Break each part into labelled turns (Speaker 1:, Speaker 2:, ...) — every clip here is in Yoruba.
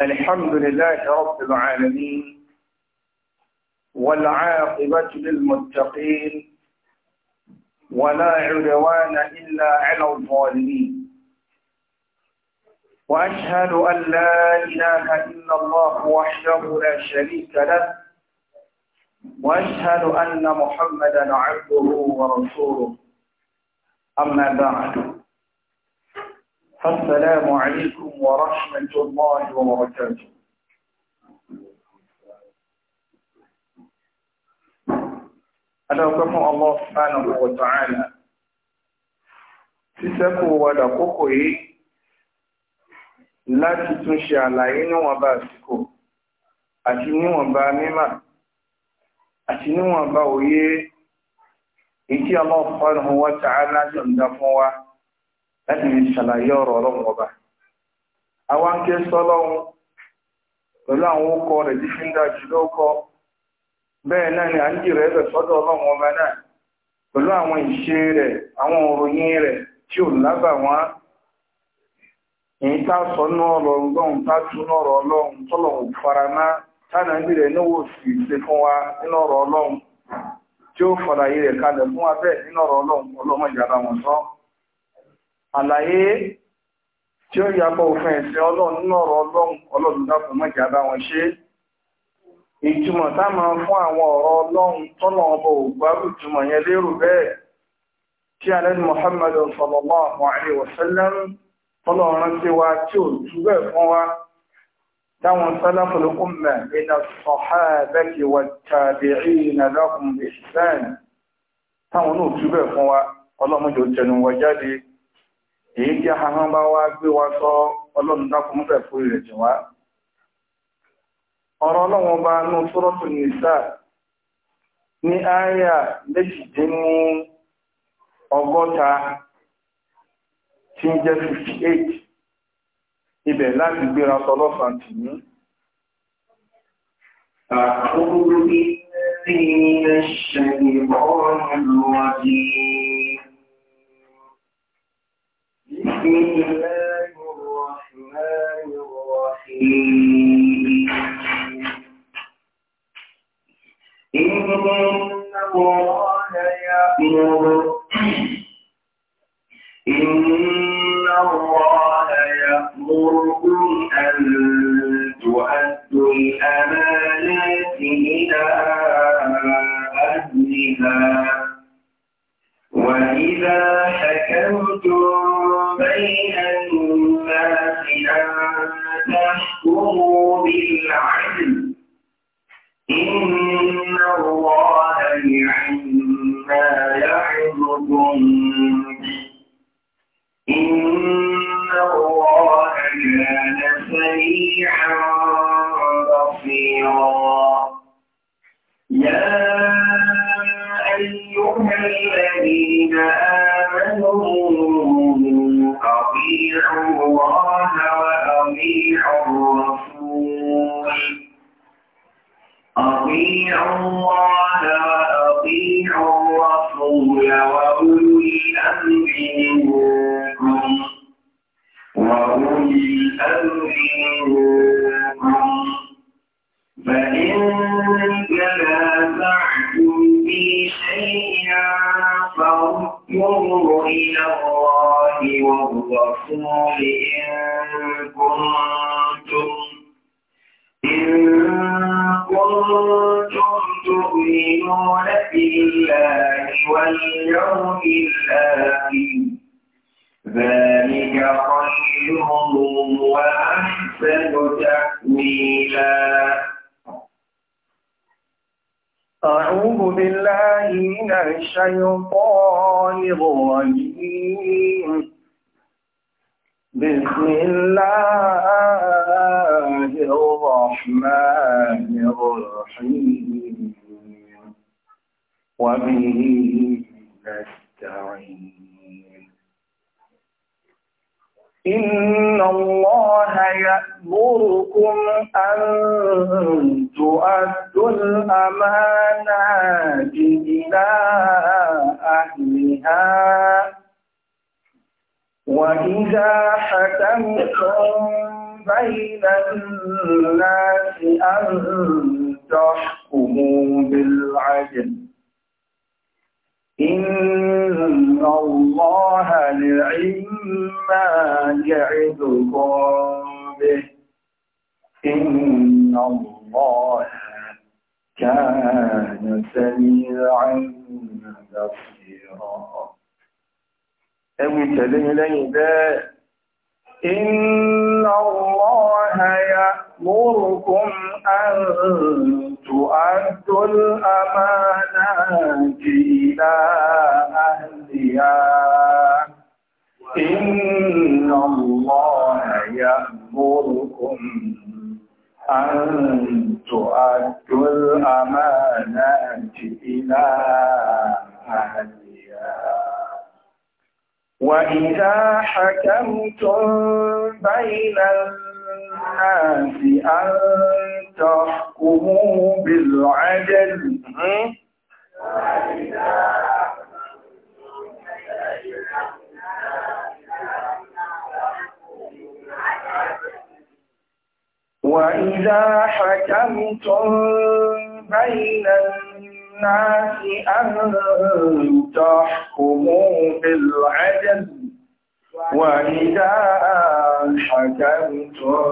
Speaker 1: الحمد لله رب العالمين والعاقبة للمتقين ولا عدوان إلا على الظالمين وأشهد أن لا إله إلا الله وحده لا شريك له وأشهد أن محمدا عبده ورسوله أما بعد السلام عليكم ورحمة الله وبركاته Adáwọ̀kọ́mọ́ Allah subhanahu wa ta'ala ti sẹ́kù wa dàkókò yìí láti tún ṣe àlàyé níwọ̀nba àsìkò àti níwọ̀nba mímà àti níwọ̀nba òye èyí tí Allah subhanahu wa ta'ala jọ ń dá fún wa. láti fi ṣàlàyé ọ̀rọ̀ ọlọ́run ọba àwa ń ké sọ́lọ́run pẹ̀lú àwọn ókọ rẹ̀ tí fi ń dá jùlọ kọ bẹ́ẹ̀ náà ni ń sọ́dọ̀ ọlọ́run ọba náà pẹ̀lú àwọn ìṣe rẹ̀ àwọn òròyìn rẹ̀ tí ò lábà wọn èyí tá sọ ọlọ́run tá tún ní ọlọ́run fún wa nínú ọ̀rọ̀ tí ó rẹ̀ fún wa bẹ́ẹ̀ nínú ọ̀rọ̀ ọlọ́mọ wọn àlàyé tí ó yàpọ̀ òfin ẹ̀sẹ̀ ọlọ́run nínú ọ̀rọ̀ ọlọ́run ọlọ́run dákùn mọ́jà bá wọn ṣe ìtumọ̀ tá máa fún àwọn ọ̀rọ̀ ọlọ́run tọ́nà ọba ògbárù ìtumọ̀ yẹn lérò bẹ́ẹ̀ tí alẹ́ni Muhammad sallallahu alaihi wasallam tọ́nà rántí wa tí ò tú fún wa táwọn salaful umma min as-sahabati wat-tabi'ina lahum táwọn náà tú fún wa ọlọ́mọdé ò tẹnu wa jáde èyí tí ahahán bá wá gbé wa sọ ọlọ́run dákun fún jù wá ọ̀rọ̀ bá nú sọ́rọ́tù nìsà ní àyà méjìdínní ọgọ́ta tí jẹ́ 58 ibẹ̀ láti gbéra sọ tì ní الله الرحمن
Speaker 2: الرحيم إن الله يأمر
Speaker 1: إن الله يأمركم أن تؤدوا الأمانات إلى أهلها
Speaker 2: وإذا حكمتم بين الناس أن
Speaker 1: تحكموا بالعدل إن الله عما يعظكم إن الله كان
Speaker 2: سميعا بصيرا يا أيها الذين آمنوا
Speaker 1: أطيعوا الله وأطيعوا
Speaker 2: الرسول أطيعوا الله وأطيعوا الرسول وأولي الأمر منكم
Speaker 1: وأولي
Speaker 2: الأمر منكم فإن كلام فارجعوا إلى الله والرسول إن كنتم
Speaker 1: إن كنتم تؤمنون بالله واليوم الآخر ذلك خير وأحسن
Speaker 2: تأويلا
Speaker 1: أعوذ بالله من الشيطان الرجيم بسم الله الرحمن الرحيم وبه نستعين إن الله يأمركم أن تؤدوا الأمانات إلى أهلها وإذا حكمتم بين الناس أن تحكموا بالعدل إن الله لعما يعدكم به إن الله
Speaker 2: كان
Speaker 1: سميعا بصيرا أوي تلين لين إن الله يأمركم أن تؤدوا الأمانات إلى أهلها إن الله يأمركم أن تؤدوا الأمانات إلى أهلها وإذا حكمتم بين الناس أن تحكموا بالعدل وإذا حكمتم بين الناس الناس أن تحكموا بالعدل وإذا حكمتم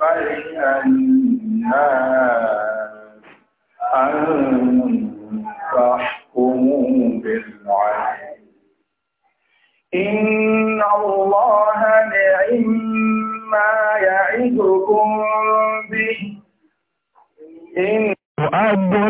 Speaker 1: بين الناس أن تحكموا بالعدل إن الله نعم ما يعدكم به
Speaker 2: إن أبو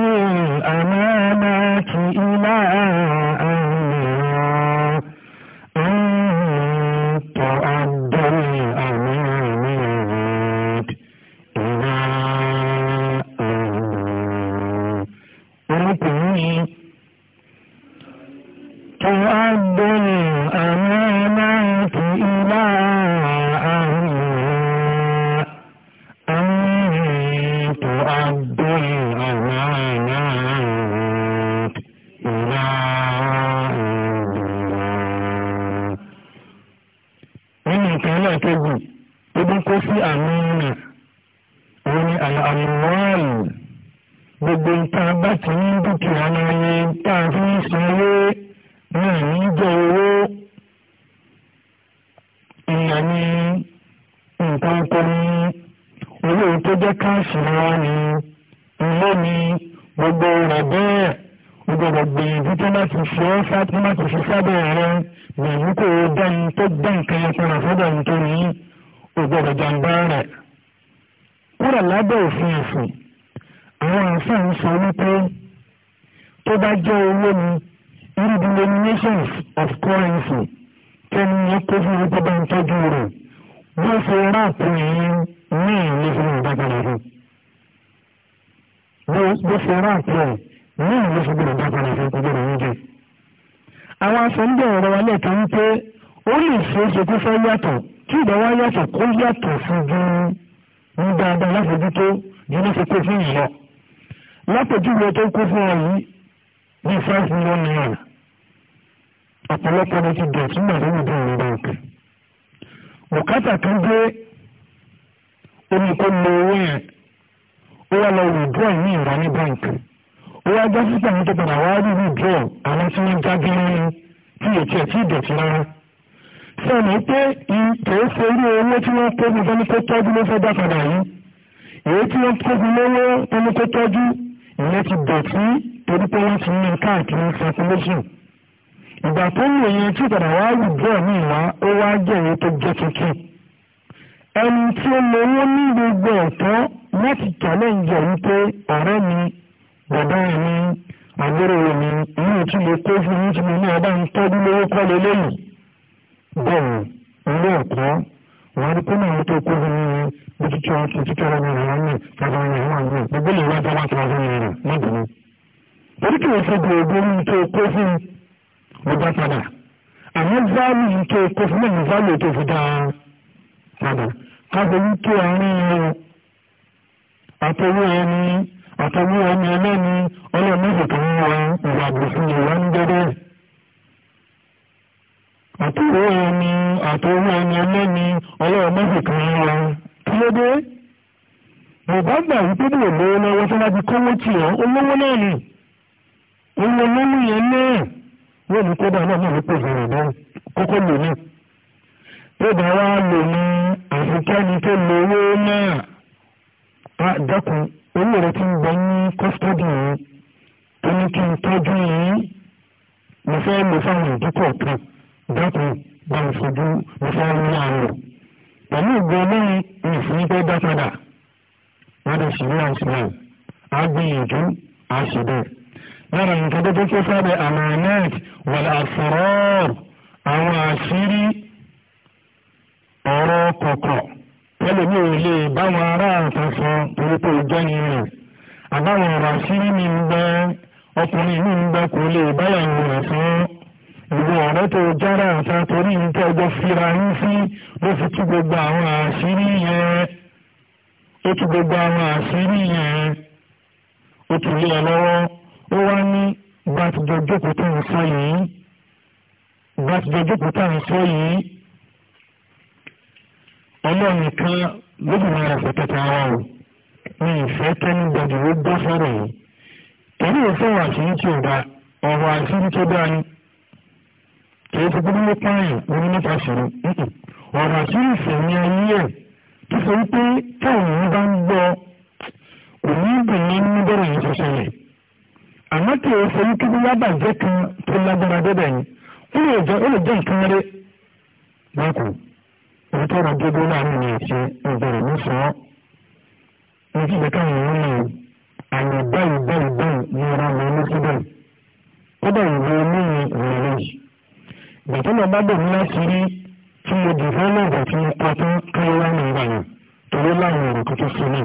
Speaker 2: aṣọ ara àti ẹ̀ ní ìlú ṣe gbọdọ̀ dá padà fún gbọdọ̀ oúnjẹ. àwọn aṣọ ń bẹ̀rẹ̀ ọ̀rọ̀ wa lẹ́ẹ̀kan wípé ó lè ṣe é ṣe kó fẹ́ yàtọ̀ tí ìgbà wa yàtọ̀ kó yàtọ̀ fún ju ní dáadáa láfojútó ní ní fi kó fún ìlọ. lápèjúwe tó kó fún ọ yìí ní five million naira ọ̀pọ̀lọpọ̀ ni ti dẹ̀ tún bàtà ní ìdíwọ̀n báńkì. bùkátà kan dé omi kó lo owó yẹn ó wá lọ withdraw ní ìrà ní báńkì ó wá já sípò àwọn tó padà wá rí withdraw àwọn tí wọ́n já gírí tí ètí ẹ̀tí ìdọ̀tí rárá sọ̀nà pé kìí ṣe irú owó tí wọ́n kó fún ẹni tó tọ́jú ló fẹ́ dá padà yìí èyí tí wọ́n kó fún lówó ẹni tó tọ́jú ìyẹn ti dọ̀tí torí pé wọ́n ti ní káàkiri circulation ìgbà tó ń lò yẹn tí padà wá withdraw ní ìwá ó wá jẹ́ èyí tó jẹ́ tuntun ẹni tí ó lówó ní gbogbo ọ̀tọ́ láti challenge wípé ọ̀rẹ́ mi bàbá mi àgbèrè mi ìyẹn tí mo kó fún yín tí mo ní ọba ń tọ́jú lówó kọ́ lélẹ́yìn bẹ́ẹ̀ ilé ẹ̀kọ́ wọ́n rí kúnnà wọn tó kó fún yín bí títí wọn ti títí ọ̀rẹ́ mi rẹ̀ wọ́n ní bàbá mi gbogbo lè wá dáwà tó wá fún yín rẹ̀ nídìí. torí kí wọ́n fi mi tó kó fún ọjà padà àmọ́ záàlì tó kó fún mi ní záàlì tó fi dáa padà. ka tó àárín ẹ̀rọ àtọwọ́ ẹni àtọwọ́ ẹni ẹlẹ́ni ọlọ́mọ́sì tó ń wọ ìwàgbọ̀ fún ìwà ń dẹ́dẹ́ àtọwọ́ ẹni àtọwọ́ ẹni ẹlẹ́ni ọlọ́mọ́sì ń wọ kí bàbá gbà lọ́wọ́ tó bá kówó tì ọ́ olówó náà ni náà wọ́n bá náà tó bá wá lò ní àfikẹ́ni tó lówó náà bá dẹ́kun owó rẹ ti ń bẹ ní kọ́sítọ́dì yìí tó ní kí n tọ́jú yìí mo fẹ́ lò fáwọn ìdíkọ̀ kan dẹ́kun bá ń fojú mo fẹ́ rí àlọ́ pẹ̀lú ìgbẹ́ ìfún tó dá padà wọ́n lè ṣèlú àìsàn á gbìyànjú á lára nǹkan tó tó kó sábẹ́ àmọ́ net wàlá àfọ̀rọ̀ àwọn àṣírí ọ̀rọ̀ kọ̀kọ̀ tẹ́lẹ̀mí ò lè báwọn ará àtàfọ́ torí pé ìjọ́ni rẹ̀ àbáwọn ọ̀rọ̀ àṣírí mi ń bẹ ọkùnrin mi ń bẹ kò lè báyàwó rẹ̀ fún ìwọ ọ̀rẹ́ tó jára àta torí nǹkan ọjọ́ fira ń sí ló fi tú gbogbo àwọn àṣírí yẹn ó tú gbogbo àwọn àṣírí yẹn ó tún lé ẹ lọ́wọ́ ó wá ní bá ti jọ jókòó tá ń sọ yìí bá ti jọ jókòó tá ń sọ yìí ọlọ́run nìkan lóbìnrin rẹ̀ fẹ́ tẹ̀tẹ̀ ara o ní ìfẹ́ kẹ́nìbọ̀dì ó gbọ́ sọ̀rọ̀ yìí torí ìfẹ́ wà sí tí ò dáa ọ̀rọ̀ àṣírí tó dáa ni kìí ti gbọ́dọ̀ nípa ẹ̀ orí nípa ṣòro ọ̀rọ̀ àṣírí ìfẹ̀mí ayé ẹ̀ tó sọ wípé táwọn èèyàn bá ń gbọ́ òní ìbùn ní níbẹ̀rẹ̀ yìí tó ṣẹlẹ̀ àmọ́ kì í ṣe wípé bí lábàjẹ́ kan tó lágbára débẹ̀ ni ó lè jẹ́ nǹkan rẹ̀ lọ́kùnrin ìtọ́ra gbogbo láàrin ní ìṣe ìbẹ̀rẹ̀ ní sọ ọ́ ní kí ni káwọn èèyàn náà àmì báyìí báyìí báyìí ní ara mi ní síbẹ̀ ó bẹ̀ ìwé oníyìn ìrọ̀lẹ́ yìí bàtà náà bá bẹ̀ nílá sí rí tí mo dì fún lọ́gbà tí mo pa fún káyọ̀wá ní ìgbà yẹn torí láwọn ọ̀rọ̀ kan tó sọ náà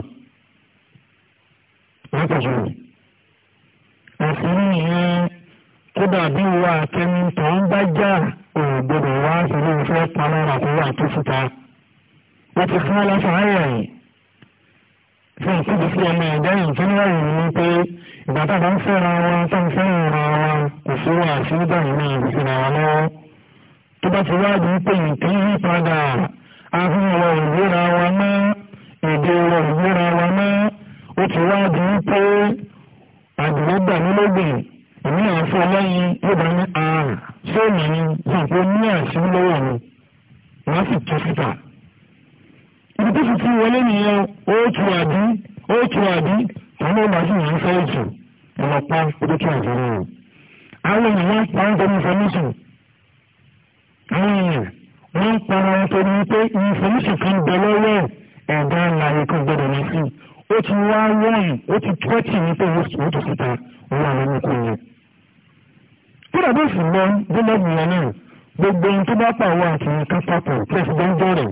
Speaker 2: wọ́n pàṣẹ rẹ̀ àṣírí yẹn kódà bí wọ́n àtẹnitọ́ ń bá jáà ògbọ́dọ̀ wá ìlú ìfẹ́ pamọ́ra tó wà tó fúta ó ti fún ọlọ́fà ayẹyẹ fún ìkéde sí ọmọ ẹ̀dá yìí tó ń wáyé ní pé ìgbà tó bá ń fẹ́ra wa tó ń fẹ́ràn ra wa kò sí wà sí ìdààmú náà kò sí ra lọ́wọ́ tó bá ti wáá di pé nǹkan yí padà ahọ́n wa ìgbéra wa mọ́ èdè wa ìgbéra wa mọ́ ó ti wáá di pé àdúgbò gbà nílógbìn èmi àwọn fún ọlọ́yin yóò bá ní ààrùn ah, fóònù ni wọn kò ní àṣírí lọ́wọ́ mi wọ́n sì tó síta. ibi tó fi fún wọlé nìyẹn ó tu àbí ó tu àbí àwọn ọmọ àti ìyẹn fẹ́ jù ọmọ pa ó tó àbúrò o. àwọn èèyàn pa ń tẹnu information. àwọn èèyàn wọ́n pa wọn tẹnu pé information kan bẹ lọ́wọ́ ẹ̀dá àlàyé kan gbọ́dọ̀ ní sí. ó ti wá wọ́n ó ti tọ́tì ní pé wọ́n tó síta wọ́n àwọn ọmọ kò yẹn kódà bó sì lọ bólọ́ọ̀bù yẹn náà gbogbo ohun tó bá pa àwọn àtìyàn kan papọ̀ pẹ̀sìdẹ́ńtì rẹ̀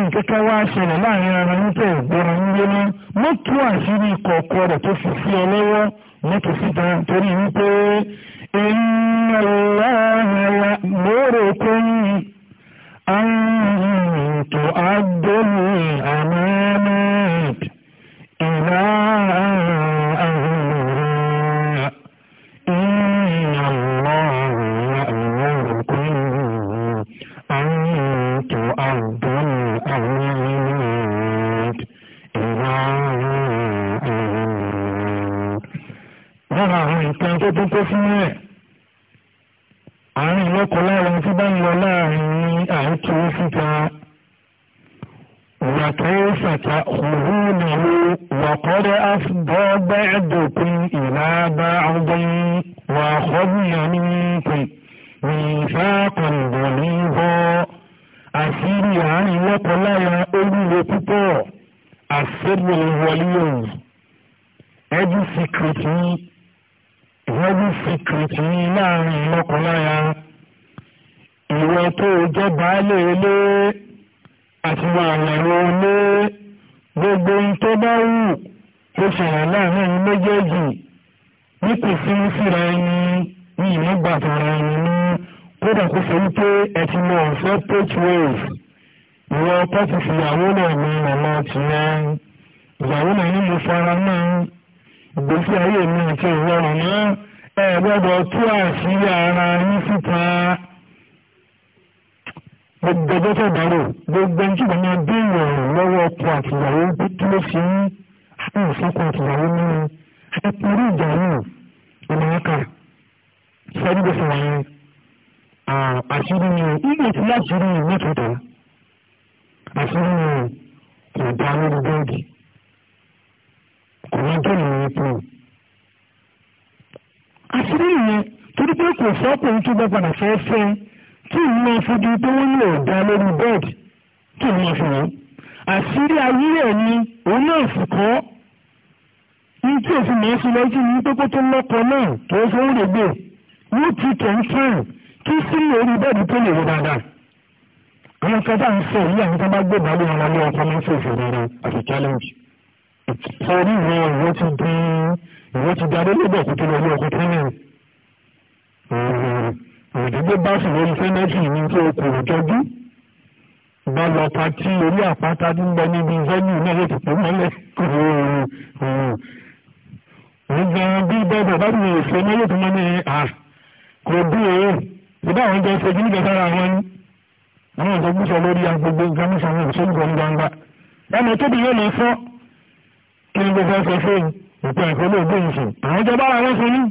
Speaker 2: nǹkan kan wá ṣẹlẹ̀ láàrin ara yín tẹ̀ gbọ́ra ń lé mọ́ mọ́tò àṣírí kọ̀ọ̀kọ̀ rẹ̀ tó fi sí ọ lọ́wọ́ mọ́tò síta torí wípé inna Allaha ya'murukum an tu'addu al-amanat ila kó tó tó fún rẹ̀ àárín lọ́kọ̀ láàrin tí bá ń lọ láàrin ní àìkiri síta وكيف تأخذونه وقد أفضى بعضكم إلى بعض وأخذنا منكم ميثاقا غليظا àṣírí àárín lọ́kọláya oríire púpọ̀ àṣírí ìwọlé ọ̀hún ẹ̀dùn síkìrìtì wọ́n secret ní láàrin lọ́kọláya ìwọ tó jẹ́ baálé ilé àti àwẹ̀rọ ilé gbogbo ohun tó bá wù kó ṣẹlẹ̀ láàrin méjèèjì ní kò sí síra ẹni ní ìmọ̀gbà tara ẹni ní kódà kó ṣe wípé ẹ ti mọ ọ̀fẹ́ page wave ìwọ ọkọ ti fìyàwó náà ní màmá tìyẹn ìyàwó náà ní mo fara náà ìgbésí ayé mi àti ìwọ ọ̀rọ̀ náà ẹ gbọ́dọ̀ tú àṣírí ara yín síta gbogbo bọ́sẹ̀ dárò gbogbo ẹni tí wọ́n máa dé ìrọ̀rùn lọ́wọ́ ọkọ̀ àtìyàwó kí ló ṣe ń hàn fọ́kọ̀ àtìyàwó nínú ẹkùnrin ìjà náà ìmọ̀ọ́kà sẹ́ni gbèsè wáyé àṣírí ni ìgbè tí láṣírí ni mẹ́tọ̀ọ̀tọ̀ àṣírí ni kò dá lórí bẹ́ẹ̀dì kò wá tó lè rí fún un àṣírí yẹn torí pé kò sọ́kùnrin tó bá padà fẹ́ fẹ́ tí ìlú máa fojú pé wọ́n lè dá lórí bẹ́ẹ̀dì tí ìlú máa fi wọ́n. àṣírí ayé ẹ̀ ni òun náà sì kọ́ ní tí òfin máa ṣe lọ́jọ́ ní pé kó tó lọ́kọ náà tó fowó lè gbé wọ́n ti tẹ̀ ń fẹ́ràn kí sí lórí bẹ́ẹ̀dì tó lè wọ dáadáa. àwọn kan bá ń sọ yìí àwọn kan bá gbé ìbálòpọ̀ lọ́wọ́ ọkọ máa ń fòfò rárá àti challenge torí ìwọ ìwọ ti di ìwọ ti di adélébọ̀ kó tó lọ ní ọkọ̀ tẹ́lẹ̀ òdìgbò bá sì lórí sẹ́nẹ́tì ní tó kò jọjú bá lọ pati orí àpáta ní bẹ níbi ìfẹ́lú náà yóò ti pè mọ́lẹ̀ nígbà bí bẹ́ẹ̀ bá ti fẹ́ mọ́lẹ̀ tó mọ́ ní à kò bí òun ìdá àwọn jẹ́ ṣe kíníkẹ́ sára wọn ni àwọn ìjọgbúsọ lórí agbègbè nǹkan ní sàmì ìṣèlú gbọ̀ngbàngbà ẹnu tóbi yóò lè fọ́ kí ni gbogbo ẹsẹ̀ fún ìpè ẹ̀kọ́ ló gbé ìṣù àwọn ìjọba ara wọn ṣe ní.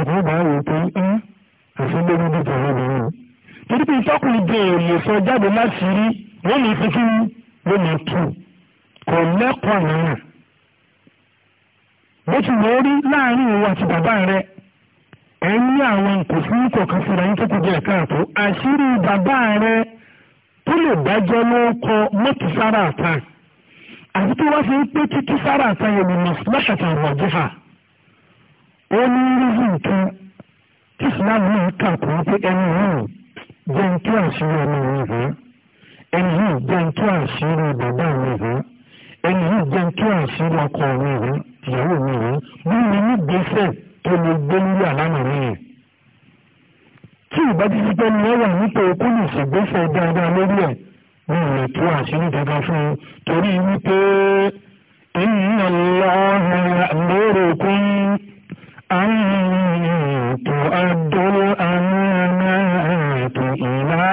Speaker 2: ọ̀pọ̀ ọba wò pé ń àṣelórí bí tẹ̀lé obìnrin torí pé ìtọ́kùnrin dè lè sọ jáde láti rí lónìí fífi lónìí tù kò lẹ́kọ̀ọ́ náà bó ti wọ́n rí láàrin òun àti bàbá rẹ̀ ẹ ní àwọn nkòfin kọ̀ọ̀kan fúnra yín tó kù díẹ̀ káàtó àṣírí bàbá rẹ̀ tó lè dájọ́ ló kọ mọ́tìsára àtàkì àti tó wá fi ń pé títí sára àtàyè mi mọ̀ lọ́ṣọ̀tà àmọ̀jífà ó ní rízì nǹkan tí ìsìláàmù náà kà kó pé ẹni yìí jẹ́ ń tú àṣírí ọmọ mi hù ẹni yìí jẹ́ ń tú àṣírí bàbá mi hù ẹni yìí jẹ́ ń tú àṣírí ọkọ mi hù ìyàwó mi hù bí mi ní gbèsè tó lè gbé lórí àlámà mi yìí tí ìbá ti pẹ́ ni wọ́n wà nípa òkú ní ìṣègbésẹ̀ dáadáa lórí ẹ̀ wọn ò lè tú àṣírí kankan fún un torí wípé inna Allaha ya'murukum an tu'addu al-amanati ila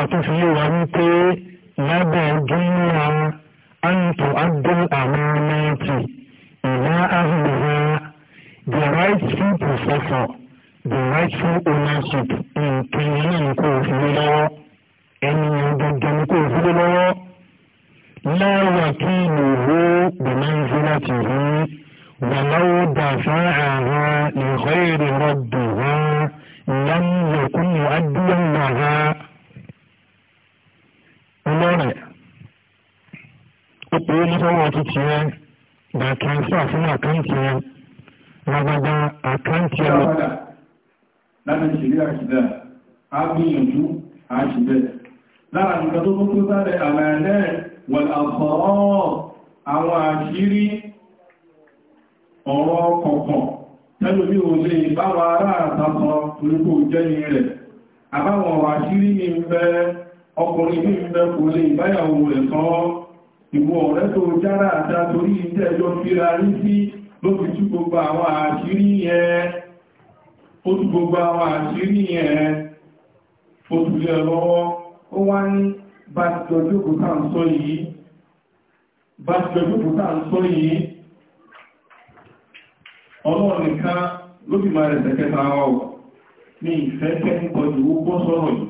Speaker 2: àfà tó fi yé wa wípé lábẹ́ jùmọ̀ àǹtò abdul amanati ìlà ahùnmá the rightful professor the rightful ownership nǹkan yìí ni kò fi lé lọ́wọ́ ẹni ọ̀gbọ̀ngàn ni kò fi lé lọ́wọ́ láwà kí ìlú bìmọ̀nzíláti rí wàláwó dàfà àwọn ìhọ́ èrè rọ̀dùn wọn lámùyẹ̀kùn àdúgbò náà. lọ́rẹ̀ ó ya ọchịchị ya na rẹ̀ gba ya; láti
Speaker 1: a gbìyànjú lára nǹkan tó kókó sáré àmàlẹ́ wọ̀n àwọn àṣírí ọ̀rọ̀ ò lè orúkọ rẹ̀ àbáwọn àṣírí bẹ́ẹ̀ ọkùnrin ní ìgbẹ́ kò lè báyàwó rẹ̀ kan ìwọ̀ ọ̀rẹ́ tó jára àta torí ìtẹ́ fíra rí sí ló fi tú gbogbo àwọn àṣírí yẹn àwọn àṣírí lọ́wọ́ ó wá ní bá ti jọjú ń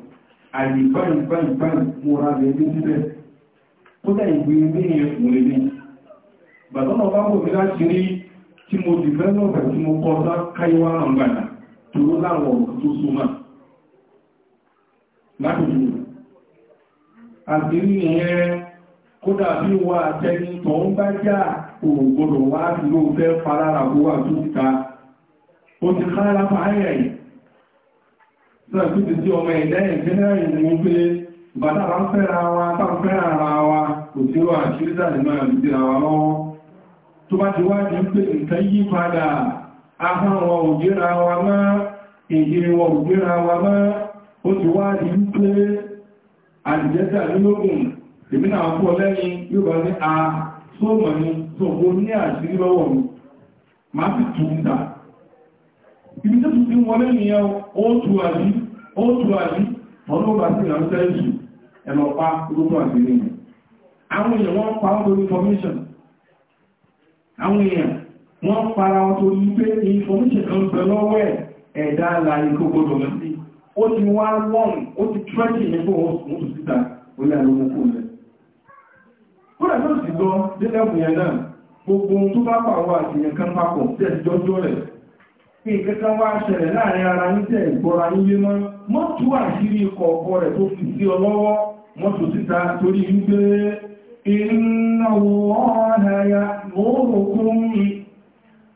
Speaker 1: àyè báyìí báyìí báyìí múra rẹ̀ ní síbẹ̀ tó dá ìgbé ní ẹ̀kùn lè ní bàtọ́nà bá bò mí láti rí tí mo dìfẹ́lọ́pẹ̀ tí mo kọ́ sá káyíwá àǹgbàdà tó ló láwọn ọ̀rọ̀ tó so máa láti rí kódà bí wà tẹni tó ń bá já òògbòdò wá ló fẹ́ falára bó wà tó ta ó ti kára fàáyà yìí náà tó ti tí ọmọ ẹ̀dá ìgbẹ́lẹ̀ ìrìn pé bàtà bá ń awa wa bá ń fẹ́ra ara wa kò tí ó àṣírísà lè máa lè dìra wa lọ́wọ́ tó bá ti wájú ma nǹkan yí padà ahọ́n wọn wa mọ́ èyí wọn wa mọ́ ó ti wájú èmi náà a tí wọlé nìyàn ó tù àbí ó tù àbí ọlọ́bà sí ìrànṣẹ́ ìṣù ẹ̀lọ́pá gbogbo àgbèrè yẹn àwọn èèyàn wọ́n pa ọ́ lórí information àwọn èèyàn wọ́n para wọn tó ní pé information kan bẹ lọ́wọ́ ẹ̀ ẹ̀dá àlàyé gbogbo lọ sí ó ti wá wọ́n ó ti tírẹ́kì ní fún oṣù tó síta orí àlọ́wọ́ kò lẹ̀ ó dàbí ó sì lọ délẹ́kùn yẹn náà gbogbo tó bá pàwọ́ àti yẹn kan papọ̀ tẹ̀síjọ́jọ́ rẹ̀ ìkẹ́kẹ́ wá ṣẹlẹ̀ láàrin ara ní tẹ́ ìgbọ́ra nílé mọ́ mọ́ tú àṣírí ikọ̀ ọkọ̀ rẹ̀ tó fi sí ọlọ́wọ́ mọ́tò síta torí wípé iná ọ̀hàyà mọ́rùkún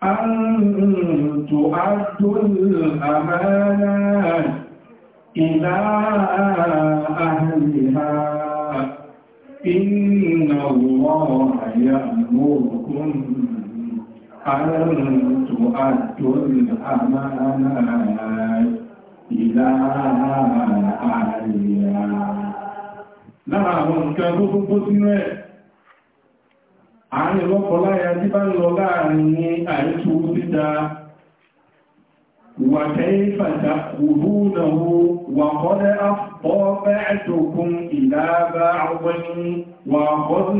Speaker 1: àǹtò a تؤدوا الأمانات إلى أهلها lára àwọn nǹkan tó tó kó sínú tí bá ń lọ láàrin ní àìsù títa wà tẹ́yí fàtà kùrú náà wà kọ́lẹ́ àpọ̀ bẹ́ẹ̀ tó kún ìlàbá àwọn wà kọ́sùn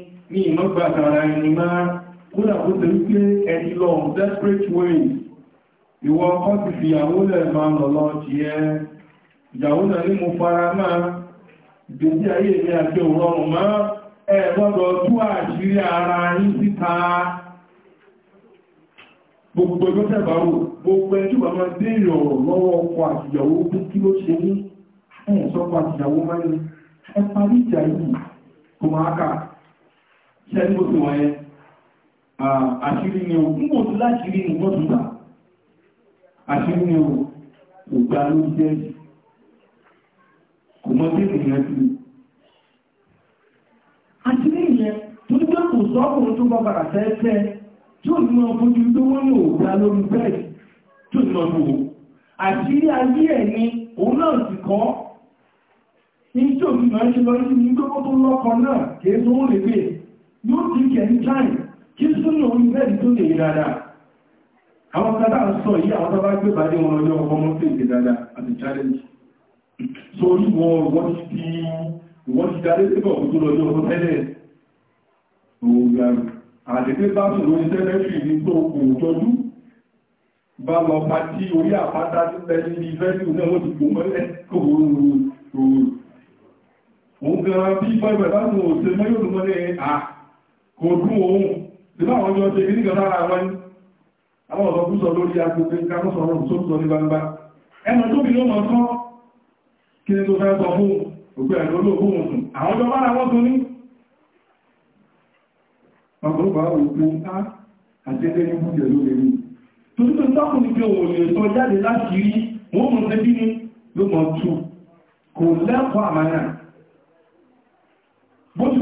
Speaker 1: ní ìmọ́gbà àtàrà ẹni máa kúrò àkóso wípé ẹni lọ desperate ways ìwọ ọkọ ti fi ìyàwó máa lọ ẹ ìyàwó náà ní mo fara máa ìgbésí ayé mi àti ẹ gbọ́dọ̀ àṣírí ara yín síta gbogbo ẹgbẹ́ tẹ́bàrò ẹ parí ìjà ṣẹ́ni bó ti wọ́n yẹn àṣírí o ń gbòtú láti rí ní gbọ́dún gbà àṣírí o kò gbà ló jẹ́ kò mọ́ sí ìrìnlẹ̀ sí i àṣírí yẹn tó ní pé kò sọ́kùnrin tó bàbàrà fẹ́ẹ́fẹ́ tí ò ní máa fojú tó wọ́n ní òògbà lórí bẹ́ẹ̀ tí ò ní máa fò àṣírí ayé ẹ̀ ni òun náà sì kọ́ ní tí òfin máa ń ṣe lọ yóò ti kẹ̀ ní táì kí súnmọ̀ orí mẹ́rin tó lè dáadáa àwọn kátà ń sọ yí àwọn tọ́bá gbé bàdé wọn ọjọ́ ọkọ̀ mọ́ sí ìdè dáadáa àti challenge so orí wọn wọ́n ti bí wọ́n ti dáadé sí ọkọ̀ tó lọ́jọ́ ọkọ̀ tẹ́lẹ̀ ògbàrù àti pé bá sọ̀rọ̀ ní sẹ́lẹ̀fì ní tó kò jọjú bá lọ pa tí orí àpáta ti pẹ́ ní òun gan bí bọ́ bá sọ̀rọ̀ òṣèlú mọ́lẹ̀ à kò dún òun nígbà wọn yọ ṣe nígbà lára wọn àwọn ọ̀sọ̀ púpọ̀ lórí agbègbè kámọ́sọ̀rọ̀ sóòtọ́ ní gbangba ẹnu tó bí ló mọ̀ sán kí ni tó fẹ́ sọ fún òpin ẹ̀rọ olóògùn òsùn àwọn ọjọ́ mára wọ́n tún ní ọgbọ̀gbà òpin á àti ẹgbẹ́ ní bújẹ̀ lórí rí tó tó tọ́kùnrin pé òun lè sọ jáde láti rí wọ́n mọ̀ sí bí ní ló mọ̀ tún kò lẹ́kọ̀ọ́ àmàrà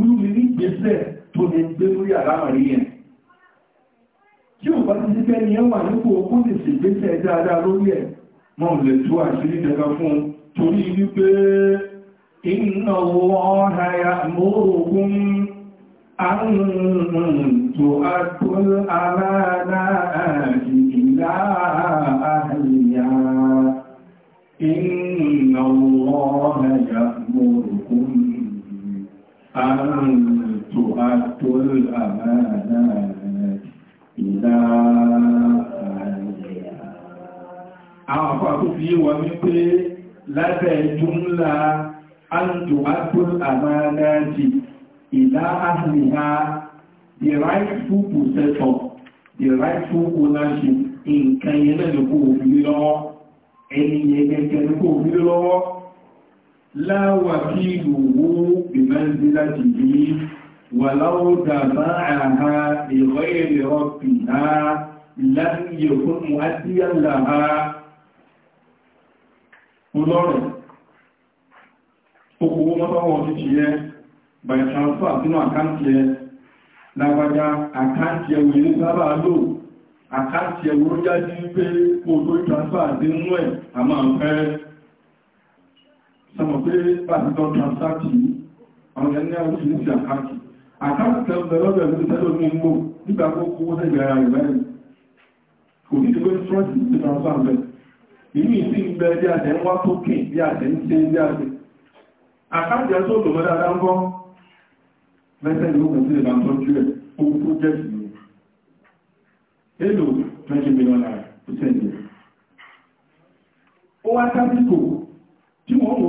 Speaker 1: Irú mi ní gbèsè tó lè gbé lórí àlámà ẹ̀. Tí ò bá ti sí pé ni ẹ wà nípò lè sì gbèsè dáadáa lórí ẹ̀, mọ́ lè tú àṣírí dẹ̀ka fún torí wípé iná ọ̀há ya mọ́rọ̀gún àrùntò àtúl aláàdá ìlà أن تؤدوا الأمانات إلى
Speaker 2: أهلها
Speaker 1: àwọn àpapọ̀ fi yíwa wípé lábẹ́ jùmlá an tؤدوا الأمانات إلى أهلها the rightful possessor the rightful ownership nǹkan yẹn lẹ́nu kó òfin lọ́wọ́ ẹni yẹn gẹ́gẹ́ lẹ́nu kó òfin lọ́wọ́ láwà kí ìlúwó ìmẹ́sí láti bí wà láwọ́dà bá àhá ìrọ́ èrè by transfer sínú àkáǹtì ẹ lágbàjá àkáǹtì ẹwù ní sábà lò àkáǹtì ẹwù ló jáde pé kò tó transfer sí ẹ̀ àmà ń fẹ́ sọmọ pé pàtàkì transact yìí àwọn ẹni oríṣiríṣi àkáǹtì àkáǹtì tẹ́lọ bẹ̀rẹ̀ lórí tẹ́lọ ní ń gbò nígbà tó kówó tẹ́gbẹ̀ ara rẹ̀ báyìí kò ní million ó wá sábìkò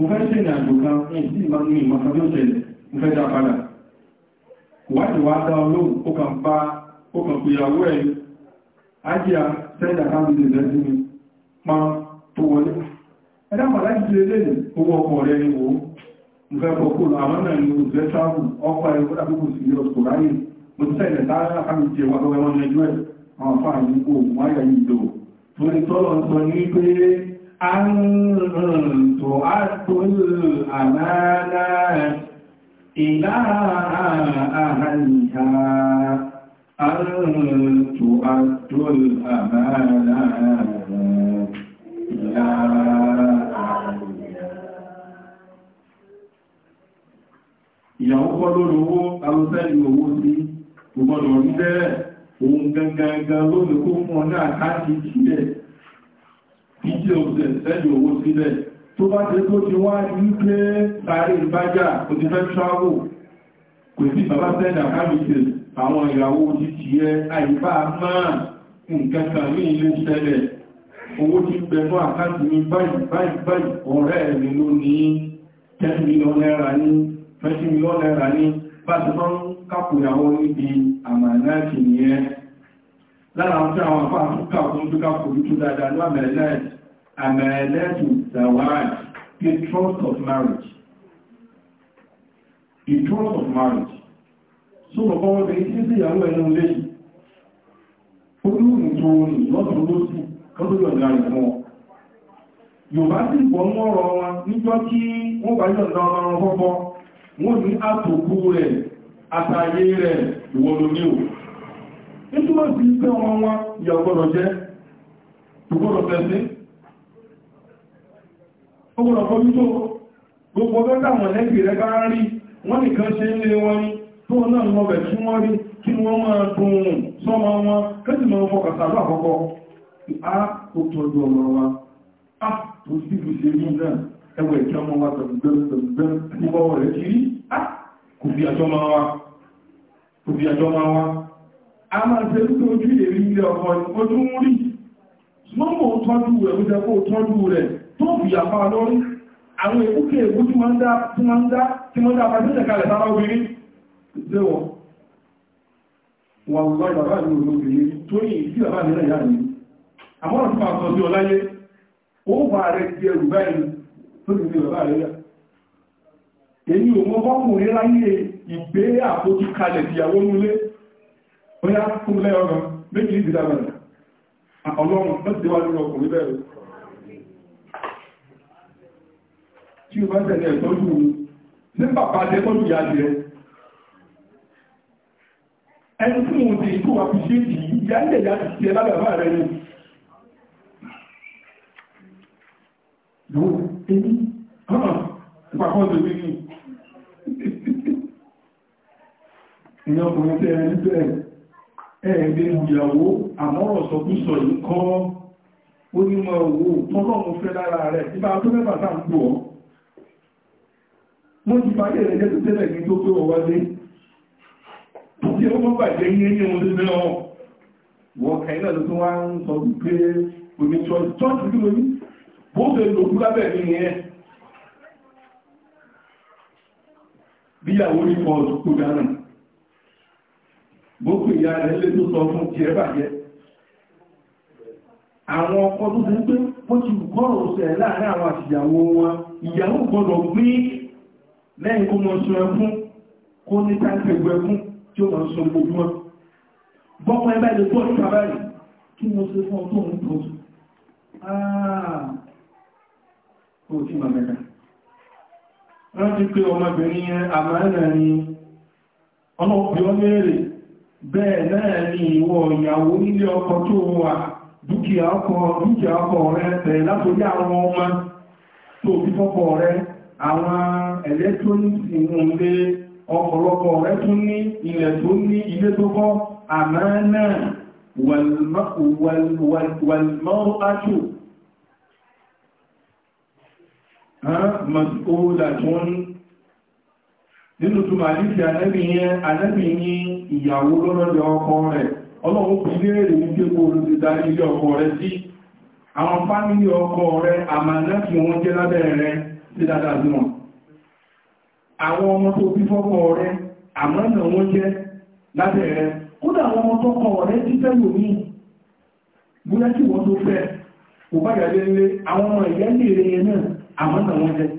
Speaker 1: mo fẹ́ sí ìrìn àjò kan ní ìdí ìmọ̀ ní ìmọ̀ kan tó ṣẹlẹ̀ mo fẹ́ dá padà wádìí wá dá olóhùn ó kàn bá ó kàn pè ìyàwó ẹ̀ ájíà sẹ́ńdà káàdì lè lẹ́sí mi máa tó wọlé ẹ̀dá pàdá ti lè lẹ́yìn owó ọkọ̀ rẹ̀ ni wò ó mo fẹ́ kọ́ kó àwọn náà ni mo fẹ́ sáàbù ọkọ̀ ẹ̀ kó dàbí kò sí ní láyé أن تؤدوا الأمانات إلى أهلها أن تؤدوا الأمانات إلى أهلها ìyàwó kọ́ lórí owó alùsẹ́lì owó sí gbogbo ọ̀rọ̀ ní bẹ́ẹ̀ ohun gangan ló fi kó fún ọ àkáàkì ìjìnlẹ̀ ìjẹ́ òṣè sẹ́jọ owó sílẹ̀ tó bá tẹ́ tó ti wá ní pé sáré ìbájá kò ti fẹ́ travel kò sí bàbá sẹ́dà kábíkìl àwọn ìyàwó ti ti ẹ àìbá máa nǹkan kan ní ilé ṣẹlẹ̀ owó ti bẹnu àkáǹtì ní báyìí báyìí báyìí ọ̀rẹ́ mi ló ní 10 million naira ní 20 million naira ní bá ti máa ń kápò ìyàwó níbi àmàlá ìkìnìyàn lára àwọn tí àwọn àfáà fún káàkùn tó káàkùn tó dáadáa ló àmẹ́lẹ́tù zawaj the trust of marriage the trust of marriage so lọ́pọ̀ wọ́n bẹ̀rẹ̀ sí sí ìyàwó ẹ̀nà lẹ́yìn olóòrùn tó rìn lọ́tún ló sì kọ́tọ́jọ́ ìdárin fún ọ Yorùbá sì pọ̀ ń wọ́rọ̀ wọn níjọ́ kí wọ́n bá yọ̀ ǹdá ọmọ ọmọ fọ́fọ́ wọ́n ní túnmọ̀ sí pé ọmọ wọn ìyà ọgbọ́dọ̀ jẹ́ ọgbọ́dọ̀ pẹ̀sí gbogbo bá rí wọ́n nìkan ṣe ń lé tó náà tí wọ́n rí kí wọ́n máa dùn sọ́mọ wọn kẹ́sì àkọ́kọ́ wa a máa jẹ́ tó ojú ìlérí ilé ọkọ ojú ń rí mọ́mọ́ tọ́jú rẹ̀ ó jẹ́ kó tọ́jú rẹ̀ tó fi àpá lórí àwọn ìkúkè ìwú tí wọ́n dá tí wọ́n dá tí wọ́n dá pàtíṣẹ̀ kalẹ̀ sára obìnrin jẹ́ wọ́n wọ́n wọ́n bàbá ìlú olóbìnrin tó yìí sí bàbá ìlú ìyá mi àwọn ọ̀tún àkọ́ sí ọláyé ó wà rẹ̀ ti ẹrù báyìí tó ti di bàbá rẹ̀ yá èyí ò mọ́ bọ́kùnrin láyé ìgbé àpótí kalẹ̀ ìyàwó nulé bóyá fún lẹ́ọ̀rọ̀ méjì ìdílábàdà ọlọ́run lọ́ti wá ní ọkùnrin bẹ̀rẹ̀ tí o bá tẹ̀lé ẹ̀tọ́jú ní bàbá tẹ́tọ́jú ìyá jẹ́ ẹni tí mo ti tó wà fi ṣe jì ìyá ilẹ̀ ìyá ti ṣe lábàbà rẹ̀ ni ló ẹni ọ̀nà ìpàkọ́ ìdòmí ni ìyá ọkùnrin tẹ́ ẹni bẹ́ẹ̀ ẹ̀ẹ̀gbẹ́ ìyàwó àmọ́rọ̀ sọkúsọ yìí kọ́ ó ní mọ owó tọ́lọ́mù fẹ́ lára rẹ̀ nípa tó mẹ́fà sáà ń gbọ́ mo ti parí rẹ̀ jẹ́ tó tẹ́lẹ̀ ní tó pé ọwá dé tí ó mọ́ bàjẹ́ ní ẹni ohun tó mẹ́rọ wọ́n kàílà ló tó wá ń sọ pé omi tọ́jú kí lóní bó ṣe lò bíyàwó ní fọ́ọ̀tù kó dáná gbogbo ìyá rẹ̀ lé tó sọ fún ti ẹbà jẹ́ àwọn ọkọ tó ti ń pé ó ti kọ́rọ̀ ṣẹ̀ láàrin àwọn àtìyàwó wọn ìyàwó gbọ́dọ̀ gbí lẹ́yìn kó mọ́ sun ẹkún kó ní táìpẹ̀gbọ ẹkún tí ó mọ́ sun gbogbo wọn bọ́kọ̀ ẹbá ilé bọ́ nípa báyìí kí mo ṣe fún ọtọ́ òun tó tún ààrùn ó ti mọ̀ mẹ́ta rántí pé ọmọbìnrin yẹn àmọ́ ẹ̀rẹ̀ ni ọlọ́pẹ́ ọmọ èrè bẹ́ẹ̀ náà ni ìwọ ìyàwó nílé ọkọ tó wà dúkìá ọkọ rẹ bẹ̀rẹ̀ látorí àwọn ọmọ tó fi fọ́pọ̀ rẹ àwọn ẹ̀lẹ́trónìsì wọn lé ọ̀pọ̀lọpọ̀ rẹ tún ní ilẹ̀ tó ní ilé tó kọ́ nínú tó máa nífẹ́ anẹ́bì ní ìyàwó lọ́lọ́dẹ ọkọ rẹ̀ ọlọ́run kò léèrè ní olóòtú ilé ọkọ rẹ̀ sí àwọn fámílì ọkọ rẹ̀ àmàlẹ́kì wọn jẹ́ lábẹ́ sí dáadáa sí wọn àwọn ọmọ tó bí fọ́kọ rẹ̀ jẹ́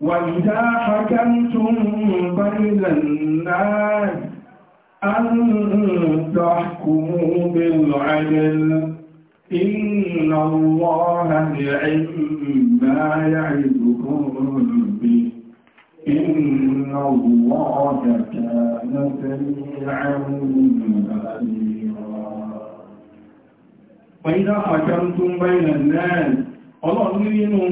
Speaker 1: وإذا حكمتم بين الناس أن تحكموا بالعدل إن الله نعم ما يعدكم به إن الله كان سميعا بصيرا وإذا حكمتم بين الناس الله nínú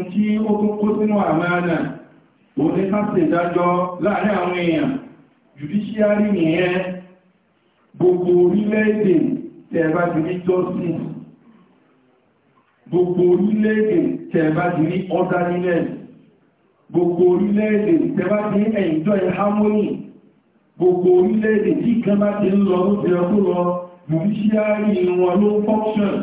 Speaker 1: òun ní káàkiri ìdájọ́ láàrin àwọn èèyàn judiciary nìyẹn gbogbo orílẹ̀-èdè tẹ̀ẹ̀bá ti ní justice gbogbo orílẹ̀-èdè tẹ̀ẹ̀bá ti ní orderliness gbogbo orílẹ̀-èdè tẹ̀ẹ̀bá ti ní enjoy harmony gbogbo orílẹ̀-èdè tí kan bá ti ń lọ ló ti ọkú lọ judiciary wọn ló function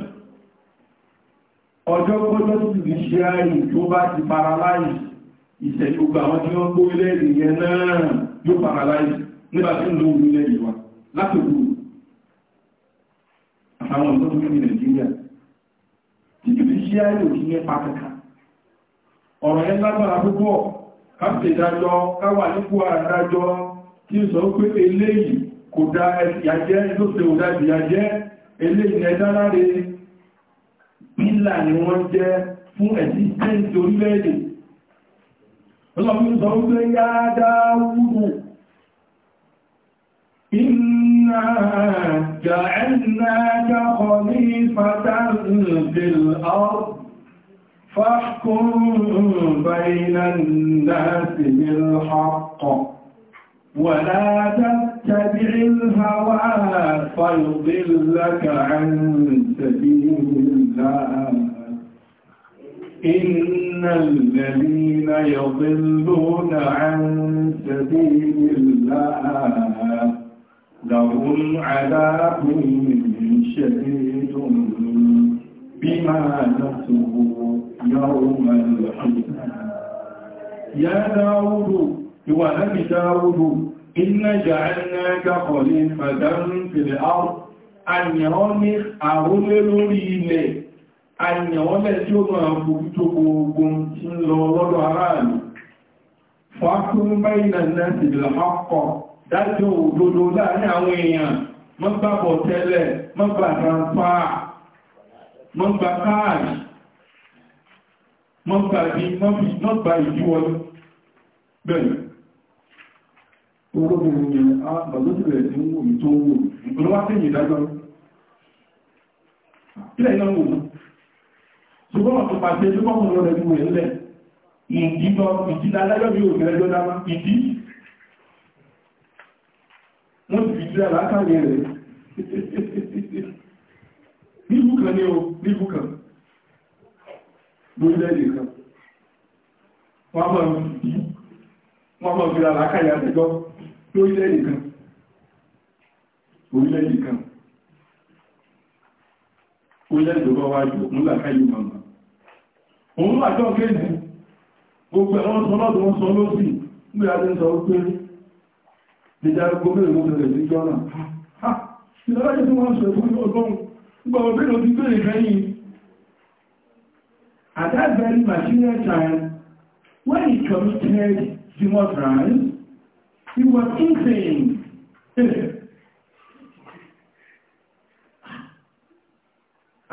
Speaker 1: ọjọ́ gbọ́jọ́ judiciary tó bá ti paralyze ìṣẹ̀lẹ̀ gbogbo àwọn tí wọ́n gbó ilẹ̀ ìyẹn náà yóò fara láì nígbà tí ń lo orí ilẹ̀ ìwà láti òkúrò àtàwọn ọ̀dọ́ tó ní nàìjíríà títí fi ṣí ayé òkú ní pàtàkà ọ̀rọ̀ yẹn lágbára púpọ̀ káfíṣe ìdájọ́ káwà nípò àdájọ́ tí ó sọ pé eléyìí kò dá ìyàjẹ́ lóṣè ò dá ìyàjẹ́ eléyìí ẹ̀dá láre pílà ni wọ́n jẹ́ fún ẹ̀sí tẹ́ǹtì orílẹ̀-èdè Ọlọ́run sọ pé yá dáúrù, iná jà ẹ́nà jákọ̀ ní fàtàlùbìl ọ́rù, fàkún bàínà láti bìl ọkọ̀, wà láàdá tàbí ìlhàwà fàyọ̀bìl lákàá إن الذين يضلون عن سبيل الله لهم عذاب شديد بما نسوا يوم الحساب يا داود هو أبي داود إن جعلناك خليفة في الأرض أن يرمخ أرمل ليلك àyànwọ́lẹ̀ tí ó máa gbogbo tó gbogbo tí ń lọ lọ́dọ̀ aráàlú fàákùn báyìí náà ti lè mọ́kọ̀ dájọ́ òdodo láàrin àwọn èèyàn mọ́gbàbọ̀ tẹ́lẹ̀ mọ́gbà tàǹfà mọ́gbà káàdì mọ́gbà bí mọ́gbà ìjúwọlú bẹ́ẹ̀ olóbìnrin yẹn á bàlóṣìlẹ̀ tí ń wò mí tó ń wò mí ṣùgbọ́n ọ̀tún pàṣẹ tó mọ́ ọ̀rọ̀ rẹ̀ gbogbo ẹ̀lẹ́ ìdí lọ ìdí lálájọ́ bí òkè ẹjọ́ dámá ìdí wọ́n ti fi jíra látàrí rẹ̀ níbù kan ní o níbù kan lórílẹ̀ èdè kan wọ́n mọ̀ ìdí wọ́n mọ̀ jíra látàrí àtẹ́jọ́ lórílẹ̀ èdè kan orílẹ̀ èdè kan orílẹ̀ èdè kan wájú òun làkáyù mọ̀mọ̀ òun wà jọ kéèdì gbogbo ẹ̀wọ́n sọ lọ́dọ̀ wọ́n sọ lọ́sì ní àti ń sọ pé ìjà gómìnà mú sọ fún At that time, when he committed demon crimes, he was insane.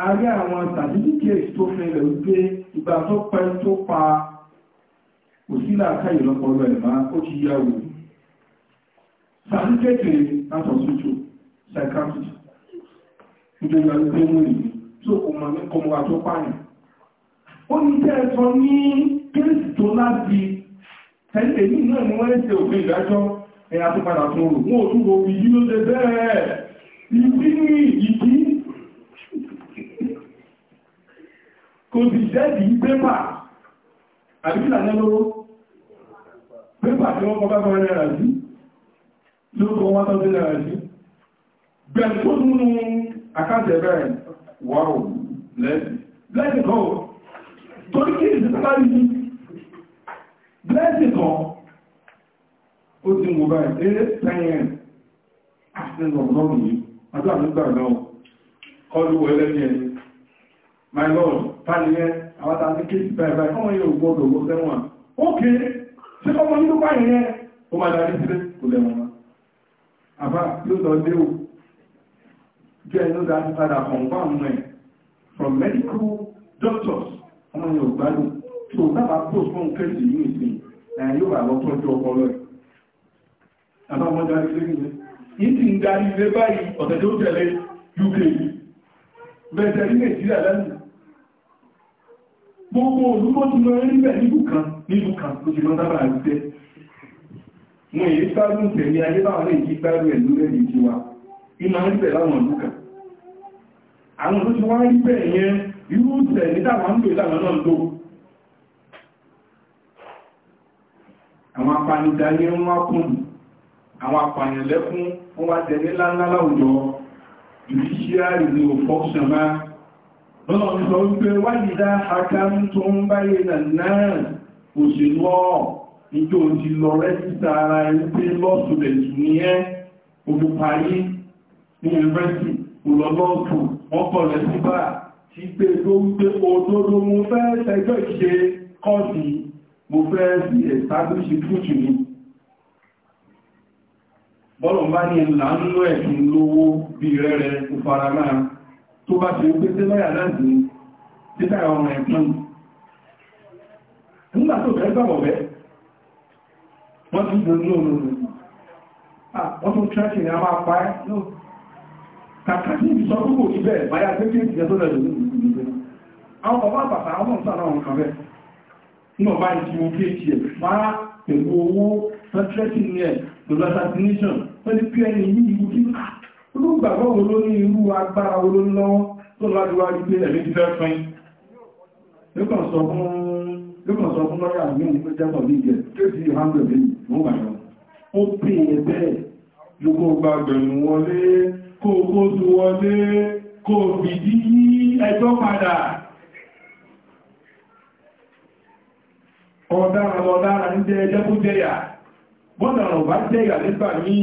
Speaker 1: a rí àwọn tàbíkèsì tó fẹ́lẹ̀ wípé ìgbà tó pẹ́ tó pa òsílà káyì lọ́pọ̀lọ́ ẹ̀má ó ti yá wò tàbíkèsì látọ̀ sójú psychiatrist ìjọba wípé mú rí tó kò mọ̀ ní kọmọ àtó pààyàn ó ní tẹ́ ẹ̀tọ́ ní kéèsì tó láti tẹ́lẹ̀ ní náà ni wọ́n ṣe òfin ìdájọ́ ẹ̀yà tó padà tó rò wọ́n ò tún rò ìyí ló ṣe tó ti jẹ́dì pépà àbíkìlà lẹ́lọ́wọ́ pépà tí wọ́n kọ́ bá bá rẹ̀ rà sí lókọ wọ́n tọ́ sílẹ̀ rà sí bẹ̀rẹ̀ tó nínú àkáṣẹ̀ bẹ̀rẹ̀ wọ́rọ̀ lẹ́sìn kan torí kí ìsìn pátá rí sí my lord fàníyẹ àwọn tàbí kéèsì bẹ̀rẹ̀ fọ́mọ yóò gbọ́dọ̀ owó sẹ́wọ̀n ókè ṣe fọ́mọ nínú báyìí yẹn ó máa darí sílẹ̀ kò lẹ́wọ̀n wá àbá yóò o jẹ́ inú dá ti padà from medical doctors ọmọ yóò gbádùn tó dábà postpone kéèsì yìí nìsín ẹ̀yìn yóò wà lọ tọ́jú ọpọlọ ẹ̀ àbá ọmọ darí sílẹ̀ UK gbogbo olugbo ti lọ rí bẹ̀ níbùkan kan tó ti lọ dábà àríṣẹ́ èyí sáàrùn ni ayébáwọn lè jí sáàrù ẹ̀ lórí wa iná rí bẹ̀ láwọn olúkà àwọn tó ti wá rí bẹ̀ yẹn irú tẹ̀lé táwọn ń lò ìlànà náà àwọn ń wá àwọn Ọlọ́run sọ wípé wáyìdá àkám tó ń báyé náà kò sí lọ níjó ti lọ rẹ́sítà ara ẹgbẹ́ lọ́sùdẹ̀sù ní ẹ́ olùparí ní yunifásitì olọ́lọ́pù ọkọ̀ rẹ̀ síbà ti pé ló wípé òdodo mo fẹ́ ṣẹjọ́ ìṣe kọ́ọ̀sì mo fẹ́ sí ẹ̀stábíṣì fújì mi bọ́lọ̀ bá ní ìlànà ẹ̀sùn lówó bí rẹ́rẹ́ kò tó bá ṣe pé tí lọ́yà láti títà ọmọ ẹ̀kan nígbà tó fẹ́ gbàmọ̀ bẹ́ wọ́n tún jẹ́ ní òun wọ́n tún tíráṣì ní a máa pa ẹ́ kàkà sí ìbìsọ púpọ̀ sí bẹ́ẹ̀ báyá pé kí ìjẹ́ tó lẹ̀ àwọn ọba bàtà àwọn ọ̀sán àwọn nǹkan bẹ́ẹ̀ náà bá ìjì wọn kí èjì ẹ̀ máa pẹ̀lú owó sọ́tírẹ́sì ní irú gbàgbọ́ wo ló ní irú agbára wo ló lọ́wọ́ tó lájúwájú pé ẹ̀mí ti fẹ́ fún lókàn sọ fún lọ́yà ní ìpé jẹ́kọ̀ ní ìjẹ́ tó ti hàndẹ̀ bí wọ́n wà náà ó pè é bẹ́ẹ̀ lókò gbàgbẹ̀nù wọlé kó kó tó wọlé kó fìdí ẹjọ́ padà ọ̀dára lọ́dára ń jẹ́ ẹjẹ́ kó jẹ́yà bọ́dàrà ò bá jẹ́yà nígbà míì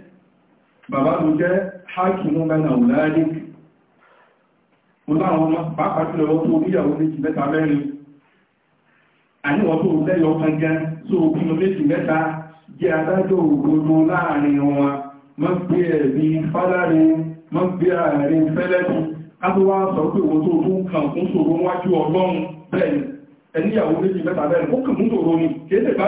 Speaker 1: bàbá ló jẹ́ hákìmú mẹ́nà òláàrí mo láwọn ọmọ pàápàá jùlọ wọ́n tó níyàwó méjì mẹ́ta mẹ́rin àníwọ̀n tó lẹ́yọ kan tó bímọ méjì mẹ́ta jẹ́ adájọ́ òdodo láàrin wọn mọ́ pé ẹ̀bí fálárin mọ́ pé ààrin fẹ́lẹ́kù adúwá sọ pé òun tó tún kàn fún ṣòro wájú ọlọ́run bẹ́ẹ̀ ẹníyàwó méjì mẹ́ta bẹ́ẹ̀ ó kàn fún ṣòro ni kéèdè bá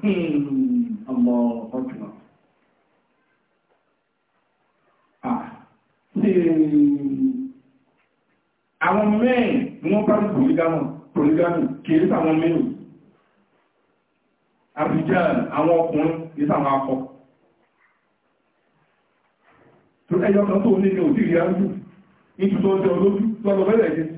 Speaker 1: Hmm, Allahu Akbar. Ah, hmm. Àwọn mẹ́rin ni wọ́n parí polygamy, polygamy kìí sàwọn mẹ́rin. Àbújá àwọn ọkùnrin ní sàwọn akọ. Tó ẹjọ́ kan tó ní ní òtí ìyá ń jù, ní tùtọ́ ọjọ́ olójú lọ́dọ̀ bẹ́rẹ̀ yìí.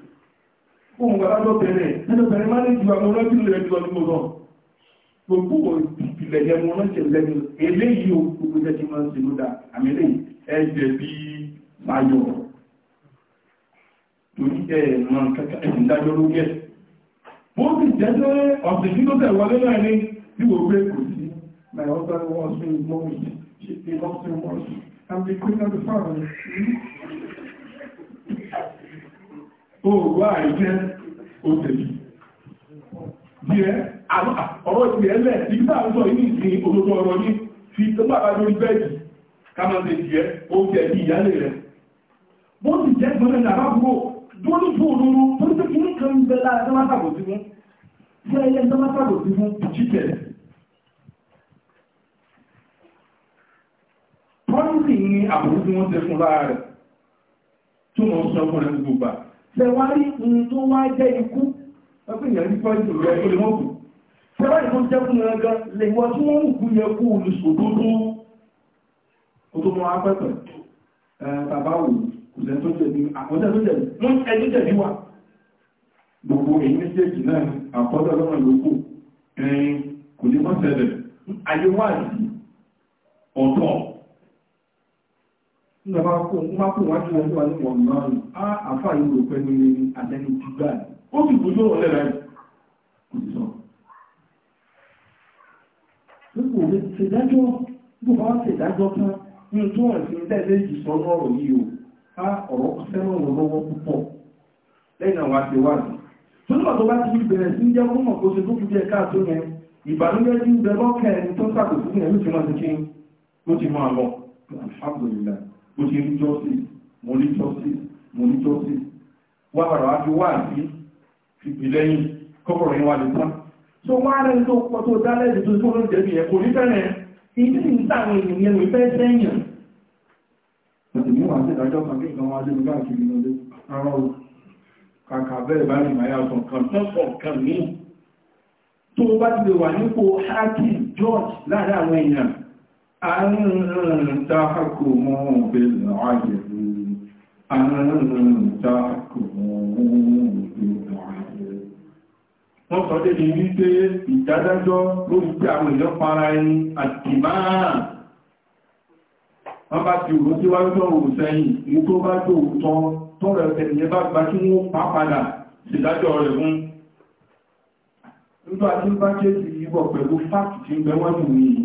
Speaker 1: ohun gbàdá ló bẹ̀rẹ̀ ẹjọ́ bẹ̀rẹ̀ máa ní ju àwọn ọlọ́jú rẹ̀ ju ọdún mọ́ gbogbo ìpìlẹ̀ yẹn mo rántí lẹ́nu eléyìí o jẹ́ kí máa ń sinú dá àmì ẹ̀jẹ̀ bí mayọ̀ torí ẹ̀ máa kẹ́kẹ́ ẹ̀sìn dájọ́ lórí ẹ̀ mo sì jẹ́ pé ọ̀sẹ̀ tí ló tẹ̀ wọlé náà ní bí wo pé kò sí my husband was in mọ́ọ̀sì she belongs in mọ́ọ̀sì and the queen of the family òwúwà ìjẹ́ òtẹ̀lì díẹ̀ ọ̀rọ̀ ti ẹlẹ̀ ìgbà àwùjọ inú ìsìn olóòtú ọ̀rọ̀ ní fi tọ́gbà bá lórí bẹ́ẹ̀dì kámọ́sẹ̀ díẹ̀ oúnjẹ ní ìyálẹ̀ rẹ̀ bó ti jẹ́ gbọ́nà àbábúrò lórí tó olóró tó ti fún kan bẹ lára tọ́mátàbò sí fún tí ẹyẹ tọ́mátàbò sí fún jíjẹ pọ́lìsì ní àbúrú tí wọ́n ti fún lára rẹ̀ tó wọ́n sọ fún ẹ̀ gbogbo tẹwárí ní tó wá jẹ́ ikú ẹgbẹ́ ìyàrí pẹ́ntì rẹ̀ tó lè wọ́n kù tẹwárí tó jẹ́ fún ẹran gan lè wọ́n tí wọ́n mú yẹ kú olùsòdódó òtòmọ́ apẹ́pẹ́ bàbá wò kò sẹ́ tó jẹ̀bi àkọ́jẹ́ tó jẹ̀bi wọ́n ẹni jẹ̀bi wà gbogbo èyí méjèèjì náà àkọ́jẹ́ lọ́nà yòókù ẹ̀yìn kò lè mọ́ ṣẹlẹ̀ ayé wà sí ọ̀tọ̀ nígbàmákùnwájú wọn wà ní wọ̀n márùn a á àfà ìlú òpẹ́ sọ n'ọrụ yi o a ọ̀rọ̀ sẹ́rọ̀ lọ́wọ́ púpọ̀ lẹ́yìn àwọn àṣewádìí tó nígbà tó bá ti bẹ̀rẹ̀ sí jẹ́ mọ́mọ̀ kó ṣe tó fi jẹ́ káàtó yẹn ìbànújẹ́ tí ń bẹ lọ́kẹ́ ẹni tó ń sàkóso fún mo ti rí jọ́sí mo rí jọ́sí mo rí jọ́sí wá bàrà wá fi wá àti fìgbì lẹ́yìn kọ́kọ̀rọ̀ yẹn wà lè tán so wá rẹ̀ tó pọ̀ tó dálẹ̀ ìdí tó tó jẹ́bi ẹ̀ ní fẹ́rẹ̀ ìdí sì ń tàwọn ènìyàn ló fẹ́ sẹ́yìn Mọ̀tẹ̀mí wà sí ìdájọ́ kan kí nǹkan wá dé mi káàkiri lọ́dẹ́. Rárá o, kàkà bẹ́ẹ̀ bá rìn máyà sọ kan tọ́sọ̀ kan ní. Tó bá ti lè wà nípò Hákì George láàárín àwọn èèyàn, أن تحكموا بالعدل أن تحكموا بالعدل wọ́n sọ dé ní wípé ìdádájọ́ lórí tí àwọn èèyàn para ẹni àtìmá wọ́n bá ti òun tí wá ń tọ́ òun sẹ́yìn ní tó bá tó òun tọ́ tọ́rọ ẹ̀tẹ̀lẹ̀ bá gba kí wọ́n pa padà ìdájọ́ rẹ̀ fún nígbà tí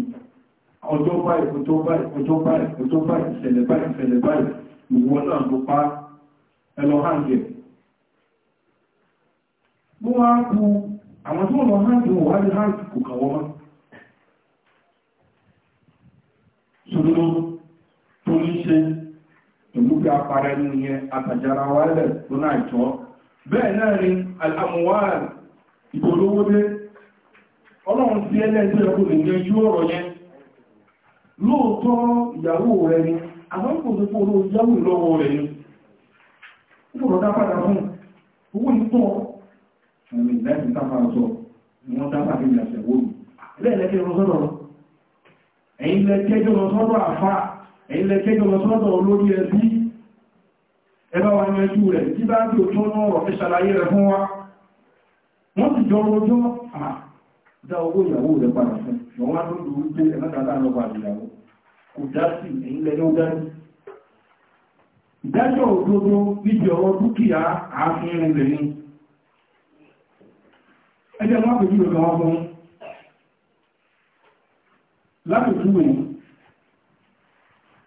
Speaker 1: ọjọ́ báyìí ọjọ́ báyìí ọjọ́ báyìí ọjọ́ báyìí ìṣẹ̀lẹ̀ báyìí ìṣẹ̀lẹ̀ báyìí ìwọ náà ló pa ẹlọ hàndẹ̀ wá kú àwọn tó lọ wọ́n wá ní kò kàwọ́ mọ́ ṣùgbọ́n tó ní ṣe apara yẹn àtàjára wálẹ̀ tó náà bẹ́ẹ̀ náà ni ọlọ́run lóòótọ́ ìyàwó rẹ̀ ni àwọn ìpòsípò olóò ìyàwó ìlọ́wọ́ rẹ̀ ni ìfòrò dápadà fún owó ìtọ́ ẹ̀mì lẹ́yìn tápà sọ wọ́n dápà ní ìyàṣẹ̀ wó lẹ́ẹ̀lẹ́kẹ́ lọ sọ́dọ̀ ẹ̀yìn lẹ́kẹ́jọ́ lọ sọ́dọ̀ àfá ẹ̀yìn lẹ́kẹ́jọ́ lọ sọ́dọ̀ olórí ẹbí ẹbá wa ní ẹjú rẹ̀ tí bá bí òtún náà rọ̀ fi ṣàlàyé rẹ̀ fún wa wọ́n ti jọ rojọ́ dá owó ìyàwó rẹ̀ padà fún ìwọ̀n wá lóòdù wípé ẹ̀mẹ́kàtà lọ́pàá jasi kò dá sí ẹ̀yìn lẹ́yìn ó dájú ìdájọ́ òdodo níbi ọ̀rọ̀ dúkìá ààfin rẹ̀ ní ẹjẹ́ wọ́n pẹ̀lú ìrọ̀lọ́ wọn fún lápẹ̀túwò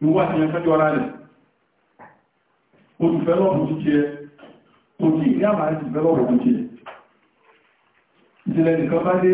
Speaker 1: ìwọ́ àti ẹ̀fẹ́jọ́ ara rẹ̀ olùfẹ́lọ́pù jíjẹ ìyá màá ti fẹ́lọ́pù jíjẹ ìṣẹ̀lẹ̀ nìkan bá dé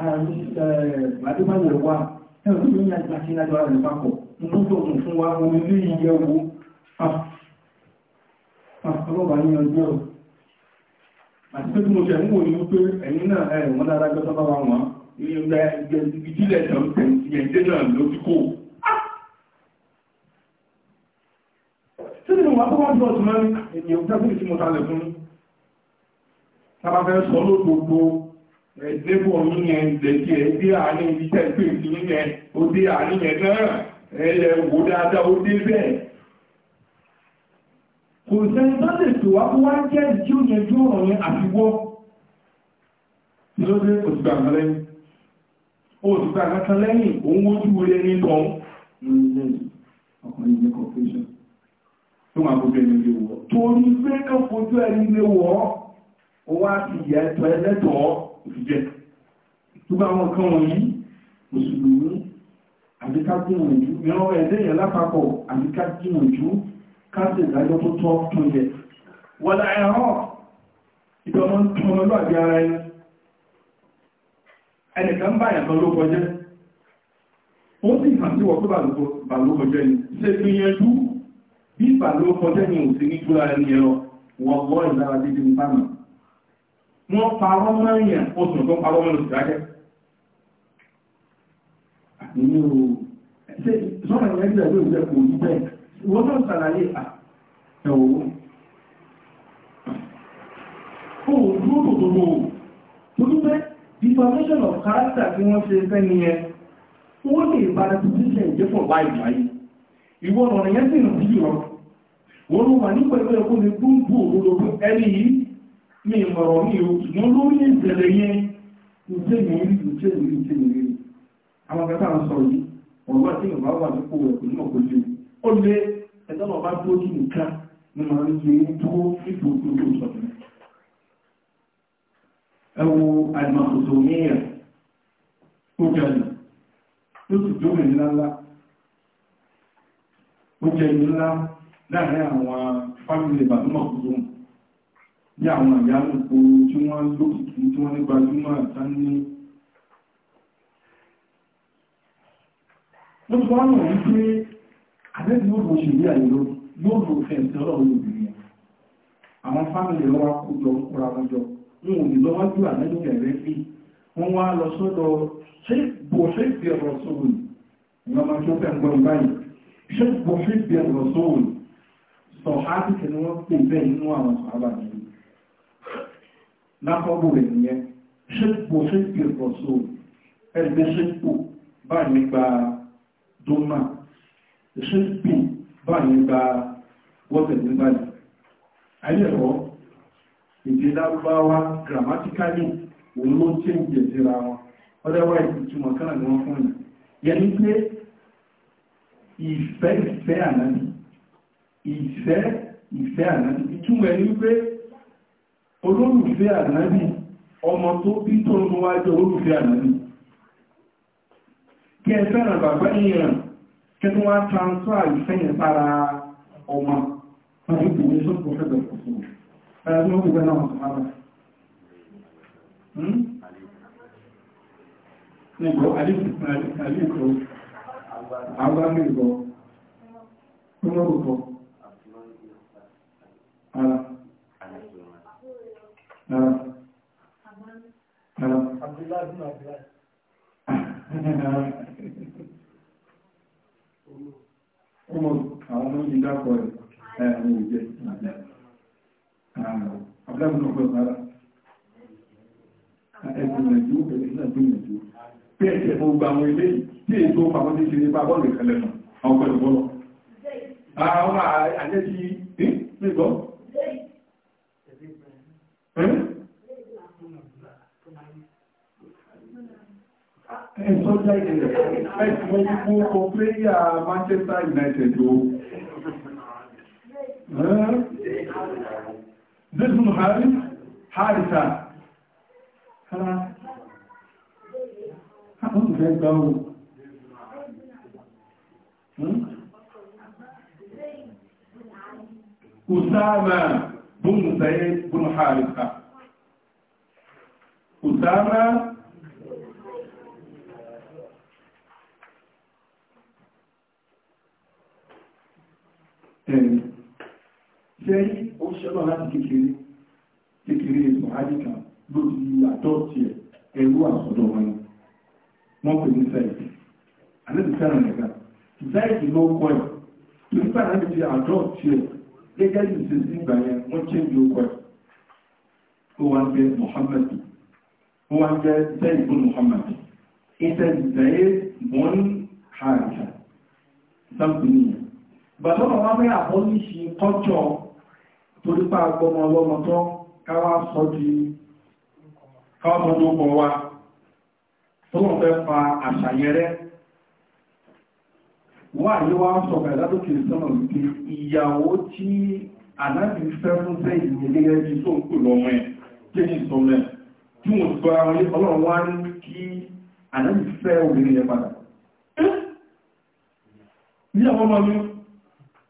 Speaker 1: àdúgbàwò wa ẹ̀rùn ní àjá sí lájọ́ rẹ̀ papọ̀ lóṣòkùn fún wa orílẹ̀ ìyẹ̀wò ah, ah, ọlọ́bà àti pé tí mo ṣẹ̀ ń wò ní wípé ẹ̀yìn náà ẹ̀rùn wọ́n dára gbọ́tọ́ wọn ní ọjọ́ ìgbìdílẹ̀ ẹ̀jẹ̀ náà lójú ah! kò tí nínú wà tó wọ́n jọ ọ̀tún ẹ̀dẹ́bọ̀ yíyẹn ìdẹ̀kí ẹ̀ àárín ibi tẹ́gbẹ̀ yíyẹn ó dé àárín ẹ̀ náà ẹ̀yẹ wò dáadáa ó dé bẹ́ẹ̀ kò sẹ́ni tó lè tó wá wá jẹ́ tí ó yẹn jú ọ̀rọ̀ yẹn àfiwọ́ lóde òsìgbà kan lẹ́yìn òsìgbà kan lẹ́yìn òun ó tọ́ tó máa gbogbo ẹni lè torí pé kọ́ fojú ẹni lè wá òfìjẹ́ tó bá wọn kan wọ̀nyí mùsùlùmí àdíkájúwọ̀njú mìíràn ẹ̀dẹ́yẹ̀ lápapọ̀ àdíkájúwọ̀njú káàsì ìdájọ́ tó tọ́ tó yẹ wọ́n ẹ̀họ́ ìdọ́mọ́ tọmọlú àbí ara ẹni ẹnìkan bá ẹ̀tọ́ ló kọjẹ́ ó sì hàn sí wọ́pẹ́ bàlókọjẹ́ ni ṣe fi yẹjú bí bàlókọjẹ́ ni ò sí ní túra ẹni ẹ̀rọ wọ́n gbọ́ ìdára dídí nípa náà wọ́n parọ́ mẹ́rin ọdún tó parọ́ mẹ́rin ìdájẹ́ àmìnú sọ́nà ìrìnlẹ̀ ìlú ìjẹ́ kò ní bẹ́ẹ̀ wọ́n tó sàlàyé ẹ̀wọ̀ ohun tó tó tó tó tó of character tí wọ́n ṣe fẹ́ ni ẹ wọ́n lè bára position jẹ́ fọ̀ báyìí báyìí ìwọ̀n ọ̀rọ̀ yẹn sì nà sí ìrọ̀ wọ́n ló wà nípa ẹgbẹ́ ẹkùn ní gbóngbò òdòdó ẹni yìí na ìmọ̀rọ̀ ní ìwọ̀n onye ìbẹ̀rẹ̀ yẹn ìtẹ́mì orí nke orí ìtẹ́mì orí àwọn akẹta ń sọ yìí ọ̀rọ̀ tí ìwọ̀n bá wà ní kó rẹ̀ pẹ̀lú ọkọ̀ lè ó lé nke bá tó kí nìkan bí àwọn àyánú kòrò tí wọ́n lókìkí tí wọ́n ní gbajúmọ̀ àtà ní ló tó wọ́n rọ̀ wípé àbẹ́bí yóò lọ ṣe rí àyẹ̀lò yóò lọ fẹ́ ìtẹ́lọ̀ olóbìnrin àwọn fámìlì wọn wá kó jọ kóra wọn jọ wọn ò ní lọ́wọ́ jù àbẹ́bí rẹ̀ rí wọ́n wá ṣé bò ṣe ọ̀rọ̀ sóòlù ìyọ́n máa kẹ́ni wọ́n pè bẹ́ẹ̀ nínú àwọn sọ̀hábà nínú lápọ́bù rẹ̀ nìyẹn ṣípò ṣípò ìpọ̀sọ̀ ẹgbẹ́ ṣípò bá nígbà dómà ṣípò bá nígbà wọ́tẹ̀ nígbà yìí ayẹ́rọ èdè lárúbáwá grammatically òun ló tí ń jẹ síra wọn ọdẹ́wà ìtumọ̀ kánà ni wọ́n fún yìí yẹn ní pé ìfẹ́ ìfẹ́ ànábì ìfẹ́ ìfẹ́ ànábì ìtumọ̀ ẹni pé olólùfẹ́ ànábì ọmọ tó bí tó ń wá jẹ́ olólùfẹ́ ànábì kí ẹ fẹ́ràn bàbá èèyàn kí tó wá para ọmọ láti pèlè sọ́pọ̀ fẹ́ bẹ̀rẹ̀ fún un wọ́n Ọmọ àwọn ọmọ ìdápọ̀ ẹ̀ ẹ̀rùn ìjẹ́ àbúlábùn ọgbọ̀n bára. Ẹgbìyànjú, ẹgbìyànjú. Bí ẹ̀ṣẹ̀ fún gbà àwọn ilé tí èso pàpọ̀ tí ṣe ní bá bọ́ọ̀lù ìkẹlẹ̀ náà, àwọn pẹ̀lú bọ́ọ̀lù. Àwọn àjẹ́ ti Manchester United o. Zidun Haris, Harisa. Hara. Àwọn ìfẹ́ gbá o. Usama bin Zaid bin Harisa. Usama sẹ́yìn ó ṣẹlọ láti kékeré kékeré mọ̀hájì kan ló ti àtọ́ọ̀tì ẹ̀ ẹ̀rú àsọ̀dọ̀ wọn wọ́n pè ní sẹ́yìn àlejò sẹ́yìn nìkan sẹ́yìn ló kọ́ ẹ̀ tó nípa náà ti àtọ́ọ̀tì ẹ̀ gẹ́gẹ́ bí ṣe sí ìgbà yẹn wọ́n ṣe ìlú ọkọ̀ ẹ̀ ó wá ń jẹ́ Muhammad ó wá ń jẹ́ Muhammad ìṣẹ́ ìṣẹ́ mọ́n hàrìṣà sáàpù nìyẹn bàtọ́nà wọn fẹ́ àbọ́líṣì kọ́jọ́ torípa agbọmọ ọlọ́mọ tó káwà sọ di káwàmọ́dókọ̀ wa tó wọ́n fẹ́ fa àṣàyẹrẹ wà ní wá sọ pẹ̀lẹ́dókè sọ́nà wípé ìyàwó tí ànábì fẹ́ fún fẹ́ ìgbẹ̀lẹ́ ẹbí tó ń pè lọ́mọ ẹ̀ kéjì sọmẹ́ tí wọ́n sọ ara wọn ọlọ́run wá ní kí ànábì fẹ́ obìnrin yẹn padà ní àwọn ọmọ mi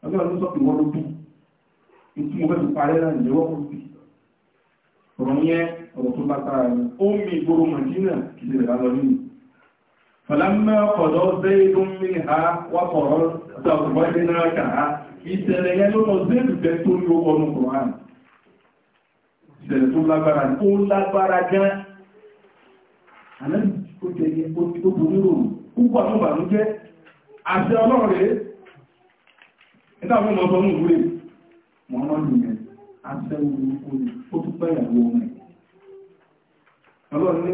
Speaker 1: ọjọ́ ló sọ pé wọ́n ló bí ìtú mo fẹ́ fi parẹ́ náà ìjẹ́ wọ́n kò bí ọ̀rọ̀ yẹn ọ̀rọ̀ tó bá tara ni ó ń mi ìgboro mọ̀dínà kì ha wà kọ̀rọ̀ ṣàkùnbọ̀ náà kà á ìṣẹ̀lẹ̀ yẹn ló lọ jẹ́ tó ní owó ọdún kùrán ìṣẹ̀lẹ̀ tó lágbára ó lágbára gan àná ìtàkùn lọ sọ́nù ìwúrẹ́ mọ́mọ́dún yẹn aṣẹ́wò orí ó tún pẹ́ ìyàwó ọmọ ọlọ́ ní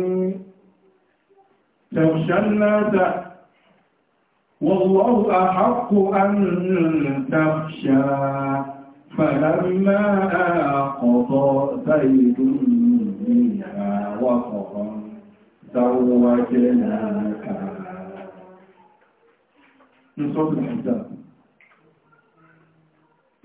Speaker 1: tẹ̀ṣánnáta wọ́wọ́ àhákò àrùntàṣà fàdámà àkọ̀tọ̀ sáyẹ̀dù ìyàwó àkọ̀kọ̀ sáwọ́wájẹ́ náà kàrà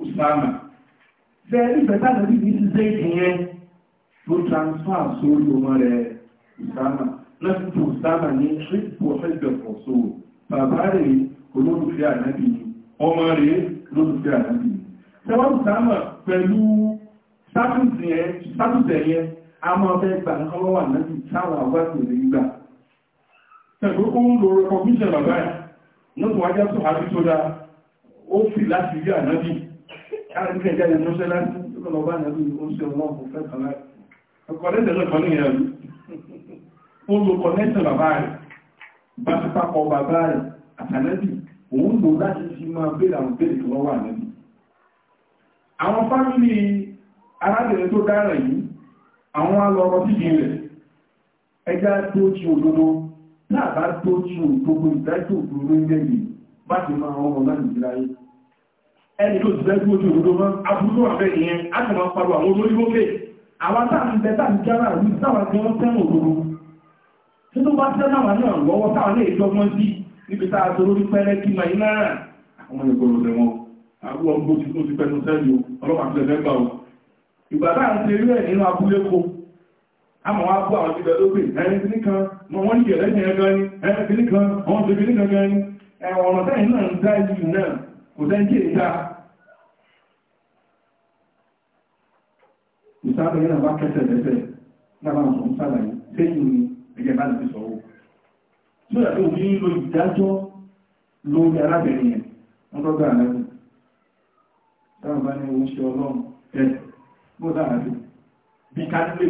Speaker 1: Usama. Bẹ́ẹ̀ ní bẹ̀tà lórí ní ṣíṣe ìyẹn ló transfer sórí ọmọ rẹ̀ Usama. Lọ́sí tó Usama ní trípù ẹgbẹ̀ pọ̀ so. Bàbá rẹ̀ olólùfẹ́ ànábì ni. Ọmọ rẹ̀ olólùfẹ́ ànábì ni. Sẹ́wọ́n Usama pẹ̀lú sátúsẹ̀ yẹn, a máa fẹ́ gbà ń kọ́ lọ́wọ́ ànábì táwọn àwọn àgbẹ̀ gbà. Ṣẹ̀gbẹ́ ó ń lo recognition bàbá ẹ̀. Nọ́tù wájá tó àbí tó dáa, ó fi láti rí ànábì. Báṣípapọ̀ bàbá òun lò láti fi máa bèèrè àwọn bèèrè tó wà nẹ́bì. Àwọn fámílì arábìnrin tó dára yìí, àwọn alọ́rọ̀ títí rẹ̀, ẹjá tó tí òdodo, náà bá tó tí òdodo ìdájò òdodo ń ẹni tó ti dẹ́gbó ojú òdòdó mọ́ abúrú àbẹ́ ìyẹn átàmà parọ àwọn olóyìnbókè àwọn táàmì bẹ́tà ń jára rí sáwà tí wọ́n tẹ́mọ̀ òdòdó tí tó bá tẹ́ náà náà lọ́wọ́ táwọn lè jọgbọ́n sí níbi tá a tó lórí pẹ́rẹ́ kí máa iná rà àwọn ìgbòrò tẹ̀wọ́n àwọn ọgbó ti tó ti pẹ́nu sẹ́yìn ọlọ́pàá ti lẹ́fẹ́ gbà ó ìgbà táà ń ṣe rí ẹ̀ nínú abúlé ko àmọ́ wá bú àwọn ìbẹ̀ lókè ẹ̀yìn kìíní kan mọ̀ wọ́n ní ìyẹ̀lẹ́sìn ẹ̀gán ni ẹ̀yìn kìíní kan ọ̀hún ṣe kìíní kan gan ni ẹ̀wọ̀n ọ̀nà sẹ́yìn náà ń dá ìlú náà kò bá kẹsẹ̀ lẹ́sẹ̀ lábá àwọn ọ̀sán sàlàyé sẹ́yìn ni ẹgbẹ́ bá ti sọ̀rọ̀ tí ó yàtọ̀ òbí lo ìdájọ́ lórí arábìnrin yẹn wọ́n tọ́gbà lẹ́nu táwọn bá ní ohun ọlọ́run ẹ̀ bó dára sí bí kánílẹ̀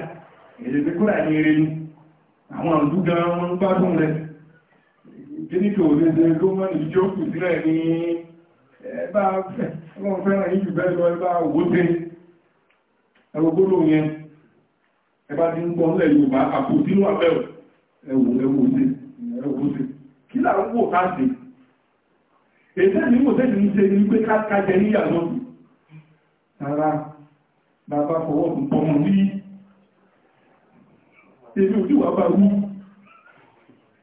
Speaker 1: èdè èdè tí kúrà ní eré ní àwọn ọ̀dún gan wọn gbádùn rẹ̀ kí ní tòó lè ṣe gómìnà ìjọ kù sílẹ̀ ní ẹbá fẹ́ràn yìí jù bẹ́ẹ̀ lọ ẹbá owó tẹ́ ẹgbogbo yẹn ẹbá ti ń gbọ́ ńlẹ̀ Yorùbá àpò sínú abẹ́ ẹwò ẹwò ṣe ẹwò ṣe kí láwọn wò ká ṣe èdè ní mò tẹ́sí ń ṣe ní pé ká jẹ níyà lọ́dún rárá bàbá fọwọ́ bọ́mọ ní èmi ò tí wà bá wú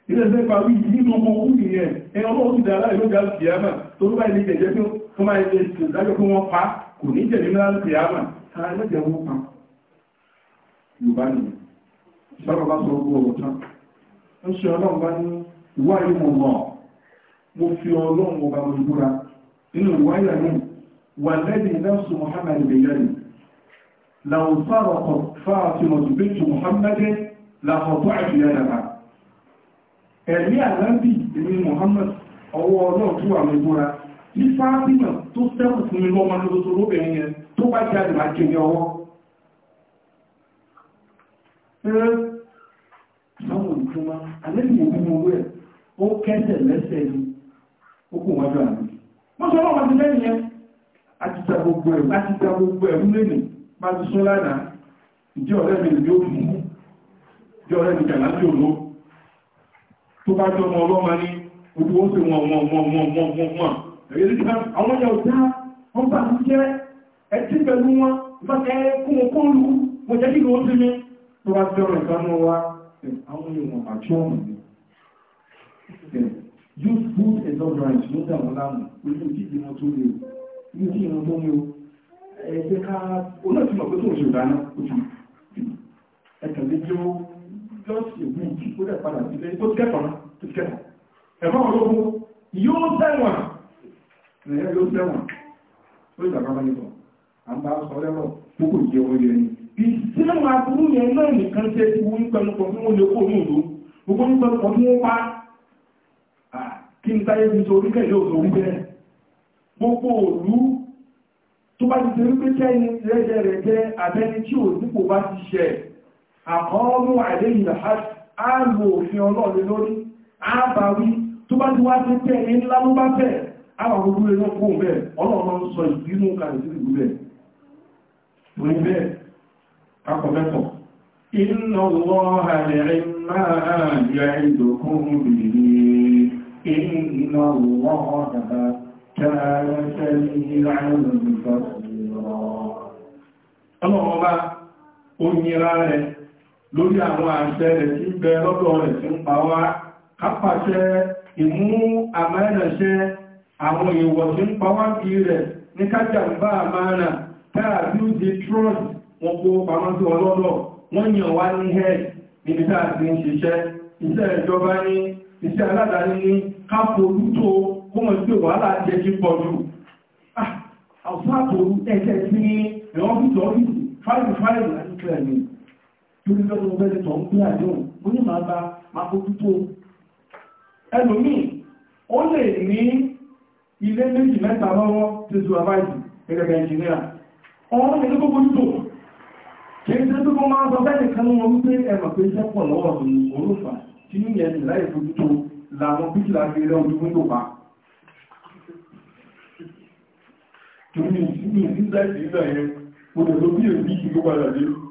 Speaker 1: ilé-ẹ̀sẹ̀ bá wí nínú ọmọ òkú nìyẹn ẹni ọmọ òkú dára ìlú dáa kìyàmà tó ló bá ilé jẹjẹ tó tó máa ilé ìdájọ́ pé wọ́n pa kò ní jẹ̀mí lára kìyàmà tàà lẹ́jẹ̀ wọ́n pa yorùbá ni ìṣàkọ̀ bá sọ ọgbọ́ ọ̀rọ̀ tán ń ṣe ọlọ́run bá ní ìwà yìí mo mọ̀ mo fi ọlọ́run ọba mo búra nínú ìwà yìí àná wà lẹ́yìn nafsu Muhammad bẹ̀yẹ̀rì làwọn sáà láfọ̀tọ́ àjìyàdàbà ẹ̀rí àlábì ní Muhammad ọwọ́ ọlọ́run tó wà mẹ́gbọ́ra ní fáàbínà tó sẹ́kù fún ilọ́ ọmọ lóòótọ́ lóbìnrin yẹn tó bá jáde máa jẹ́ ọwọ́ sáwọn ìjọba alẹ́bìnrin bí mo rẹ̀ ó kẹ́sẹ̀ lẹ́sẹ̀ ni ó kò wájú àmì wọ́n sọ lọ́wọ́ ti lẹ́yìn yẹn àti ta gbogbo ẹ̀rù láti ta gbogbo tí tó bá jọ ọmọ wa àwọn èèyàn àti ọ̀nà mi use food and deliverance ló dà wọn láàmú ojú tí tó lè ní tí ìran tó ní o ẹgbẹ́ ká onáà ti mọ̀ pé tó ń ṣe lọ́sì òun kí ó dẹ̀ padà sílé ó ti kẹ́kọ̀ọ́ náà tó ti kẹ́kọ̀ọ́ ẹ̀fọ́n ológun yóò tẹ̀wọ̀n ẹ̀yẹ yóò tẹ̀wọ̀n ó ìgbà kan báyìí sọ à ń bá sọ lẹ́rọ̀ púpọ̀ ìjẹ́ wọn yẹn ni ìsìnwó aburú yẹn náà nìkan ṣe ti wú nípa nípa fún wọn lè kó òun òdo gbogbo nípa nípa fún wọn pa kí n táyé fi sọ oríkẹ́ yóò sọ orí bẹ́ẹ̀ gbogbo òlú tó bá ti ṣe wípé kẹ́yìn rẹ́jẹrẹjẹ abẹ́ni tí òsípò bá ti ṣẹ̀ àkọọ́mù àìlẹ́yìn ìhàjì a òfin ọlọ́ọ̀lẹ́ lórí àbáwí tó bá ti wá ti tẹ́ ńlá ló bá gbogbo ẹ̀rọ kó bẹ́ẹ̀ ọlọ́run máa ń sọ ìbínú kàìsí ìlú ọrụ torí bẹ́ẹ̀ kakọ̀mẹ́kọ̀ inna Allaha ni'ma ya'idukum bihi lórí àwọn àṣẹ rẹ̀ tí ń bẹ lọ́dọ̀ rẹ̀ tí ń pa wá kápàṣẹ ìmú àmẹ́rẹ̀ṣẹ́ àwọn èèwọ̀ tí ń pa wá rẹ̀ ní kájàmbá àmàrà tààbí ó wọn kó pamọ́ sí ọlọ́dọ̀ wọ́n yàn wá ní níbi tá a ń ṣiṣẹ́ iṣẹ́ ìjọba ní iṣẹ́ aládàáni ní kó mọ̀ sí wàhálà jẹ́ kí ah, torí lọ́dọ̀ ọgbẹ́lẹ̀ tọ̀ ń pín àjọun ó ní máa bá máa fojú tó ẹlòmíì ó lè ní ilé méjì mẹ́ta lọ́wọ́ tí zuwabaji gẹ́gẹ́ ẹnjìnira ọ̀rọ̀ ní gbogbo tó kí n tẹ́ tó kọ́ máa sọ bẹ́ẹ̀ kan wọn wípé ẹmà pé iṣẹ́ pọ̀ lọ́wọ́ ọ̀dùn òrófà tí ní yẹn ní láì fojú tó làwọn bíkìlá fi rẹ ojú wíńdò pa torí ní ìsìn ìsìn ìsìn ìsìn ìsìn ìsìn ìsìn ìsìn ìsìn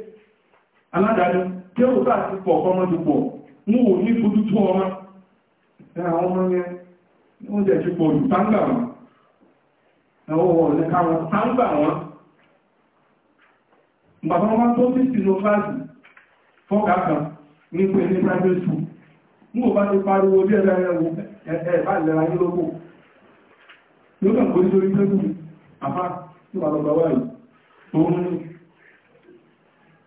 Speaker 1: aládàáni tí ó bá ti pọ̀ kọ́mọ́ mú wò ní fojú tó ọmọ àwọn ọmọ yẹn wọ́n jẹ́ ti pọ̀ jù táńgbà wọn ẹ̀wọ̀ ọ̀rẹ́ káwọn táńgbà wọn bàbá wọn tó ti sínú fọ́gà kan ní pé ní private school mú bá ti pariwo bí ẹ̀ bá yóò kàn ní lórí àfá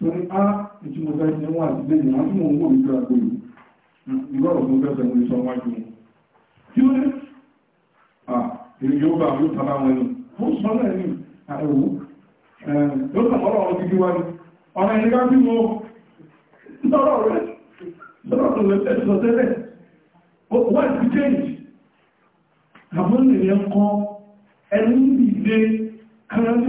Speaker 1: torí a ìtí mo fẹ́ ṣe wà sílé ìrìn àwọn tí mo ń wò nígbà gbòòrò ìgbọ́rọ̀ tó fẹ́ sọ mo lè sọ wájú wọn kí ó lè à èrè yóò bá yóò tàbá wọn ni ó sọ náà ní àẹ̀wò ló sọ ọ̀rọ̀ ọ̀rọ̀ ọ̀nà bí mo rẹ̀ tó lè sọ tẹ́lẹ̀ wọ́n ti change kọ́ ẹni ìdílé kan tí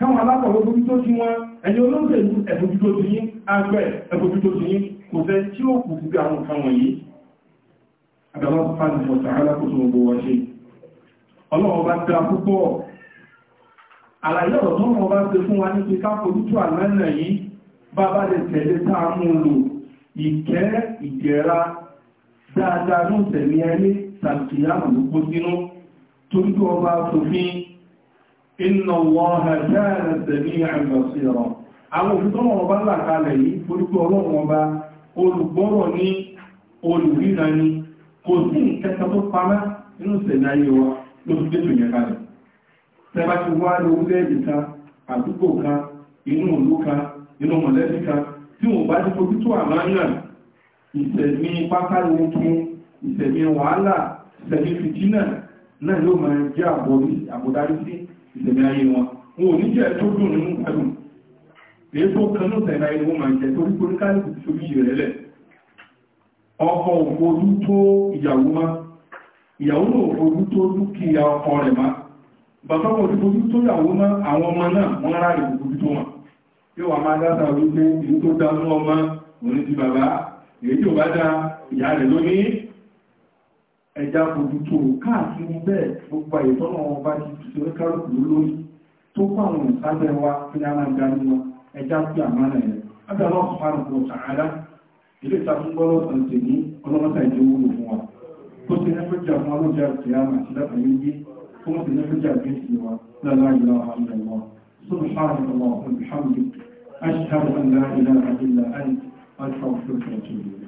Speaker 1: káwọn alákọ̀ọ́ bójútó sí wọn ẹ̀yìn olóògbèlú ẹ̀bójútó sí yín agbẹ́ ẹ̀bójútó sí yín kò fẹ́ tí ó kù síbi àwọn nǹkan wọ̀nyí àgbàlá fàájì ọ̀sán alákòóso gbogbo wọn ṣe ọlọ́wọ́ bá dá púpọ̀ àlàyé ọ̀rọ̀ tó wọ́n inna Allaha kana sami'an basira àwọn òfitọ́nà ọba ńlá kalẹ̀ yìí orúkọ ọlọ́run olugboro ni ní olùríra ní kò sí ìkẹta tó pamá inú ìṣẹ̀lẹ̀ ayé wa ló fi gbẹ́tò yẹn kalẹ̀ ka ti wá kan kan kan ti wàhálà náà yóò máa ìsẹ̀mí ayé wọn wọn ò ní jẹ́ tó dùn nínú gbádùn lè tó kanú sẹ̀mí ayé wọn máa jẹ́ torí pé oníkálùkù ti sórí rẹ̀ lẹ̀ ọkọ òfojú tó ìyàwó má ìyàwó náà òfojú tó dúkìá ọkọ rẹ̀ má bàtọ́kọ̀ òfojú tó ìyàwó má àwọn ọmọ náà wọ́n rà rẹ̀ òfojú tó wọn yóò wà máa dáta wípé ìlú tó dá mú ọmọ òní ti bàbá èyí tí ò bá dá ìyá rẹ̀ lónìí ẹja fojútó káàkiri bẹ́ẹ̀ gbogbo àyètọ́nà wọn bá ti fi ṣe kárùkù lórí tó kọ́ àwọn ìsábẹ́ wa tí a máa ga nínú ẹja sí àmàlà ẹ̀ lábẹ́ ọlọ́pàá márùn kò sàárá ilé ìtàkùnbọ́lọ́ ọ̀sẹ̀ ní ọlọ́mọta ìjẹ́ owó fún wa tó ti ní fẹ́jà fún ọlọ́jà ti a máa ti dáta yóò gbé tó wọ́n ti ní أشهد أن لا إله إلا أنت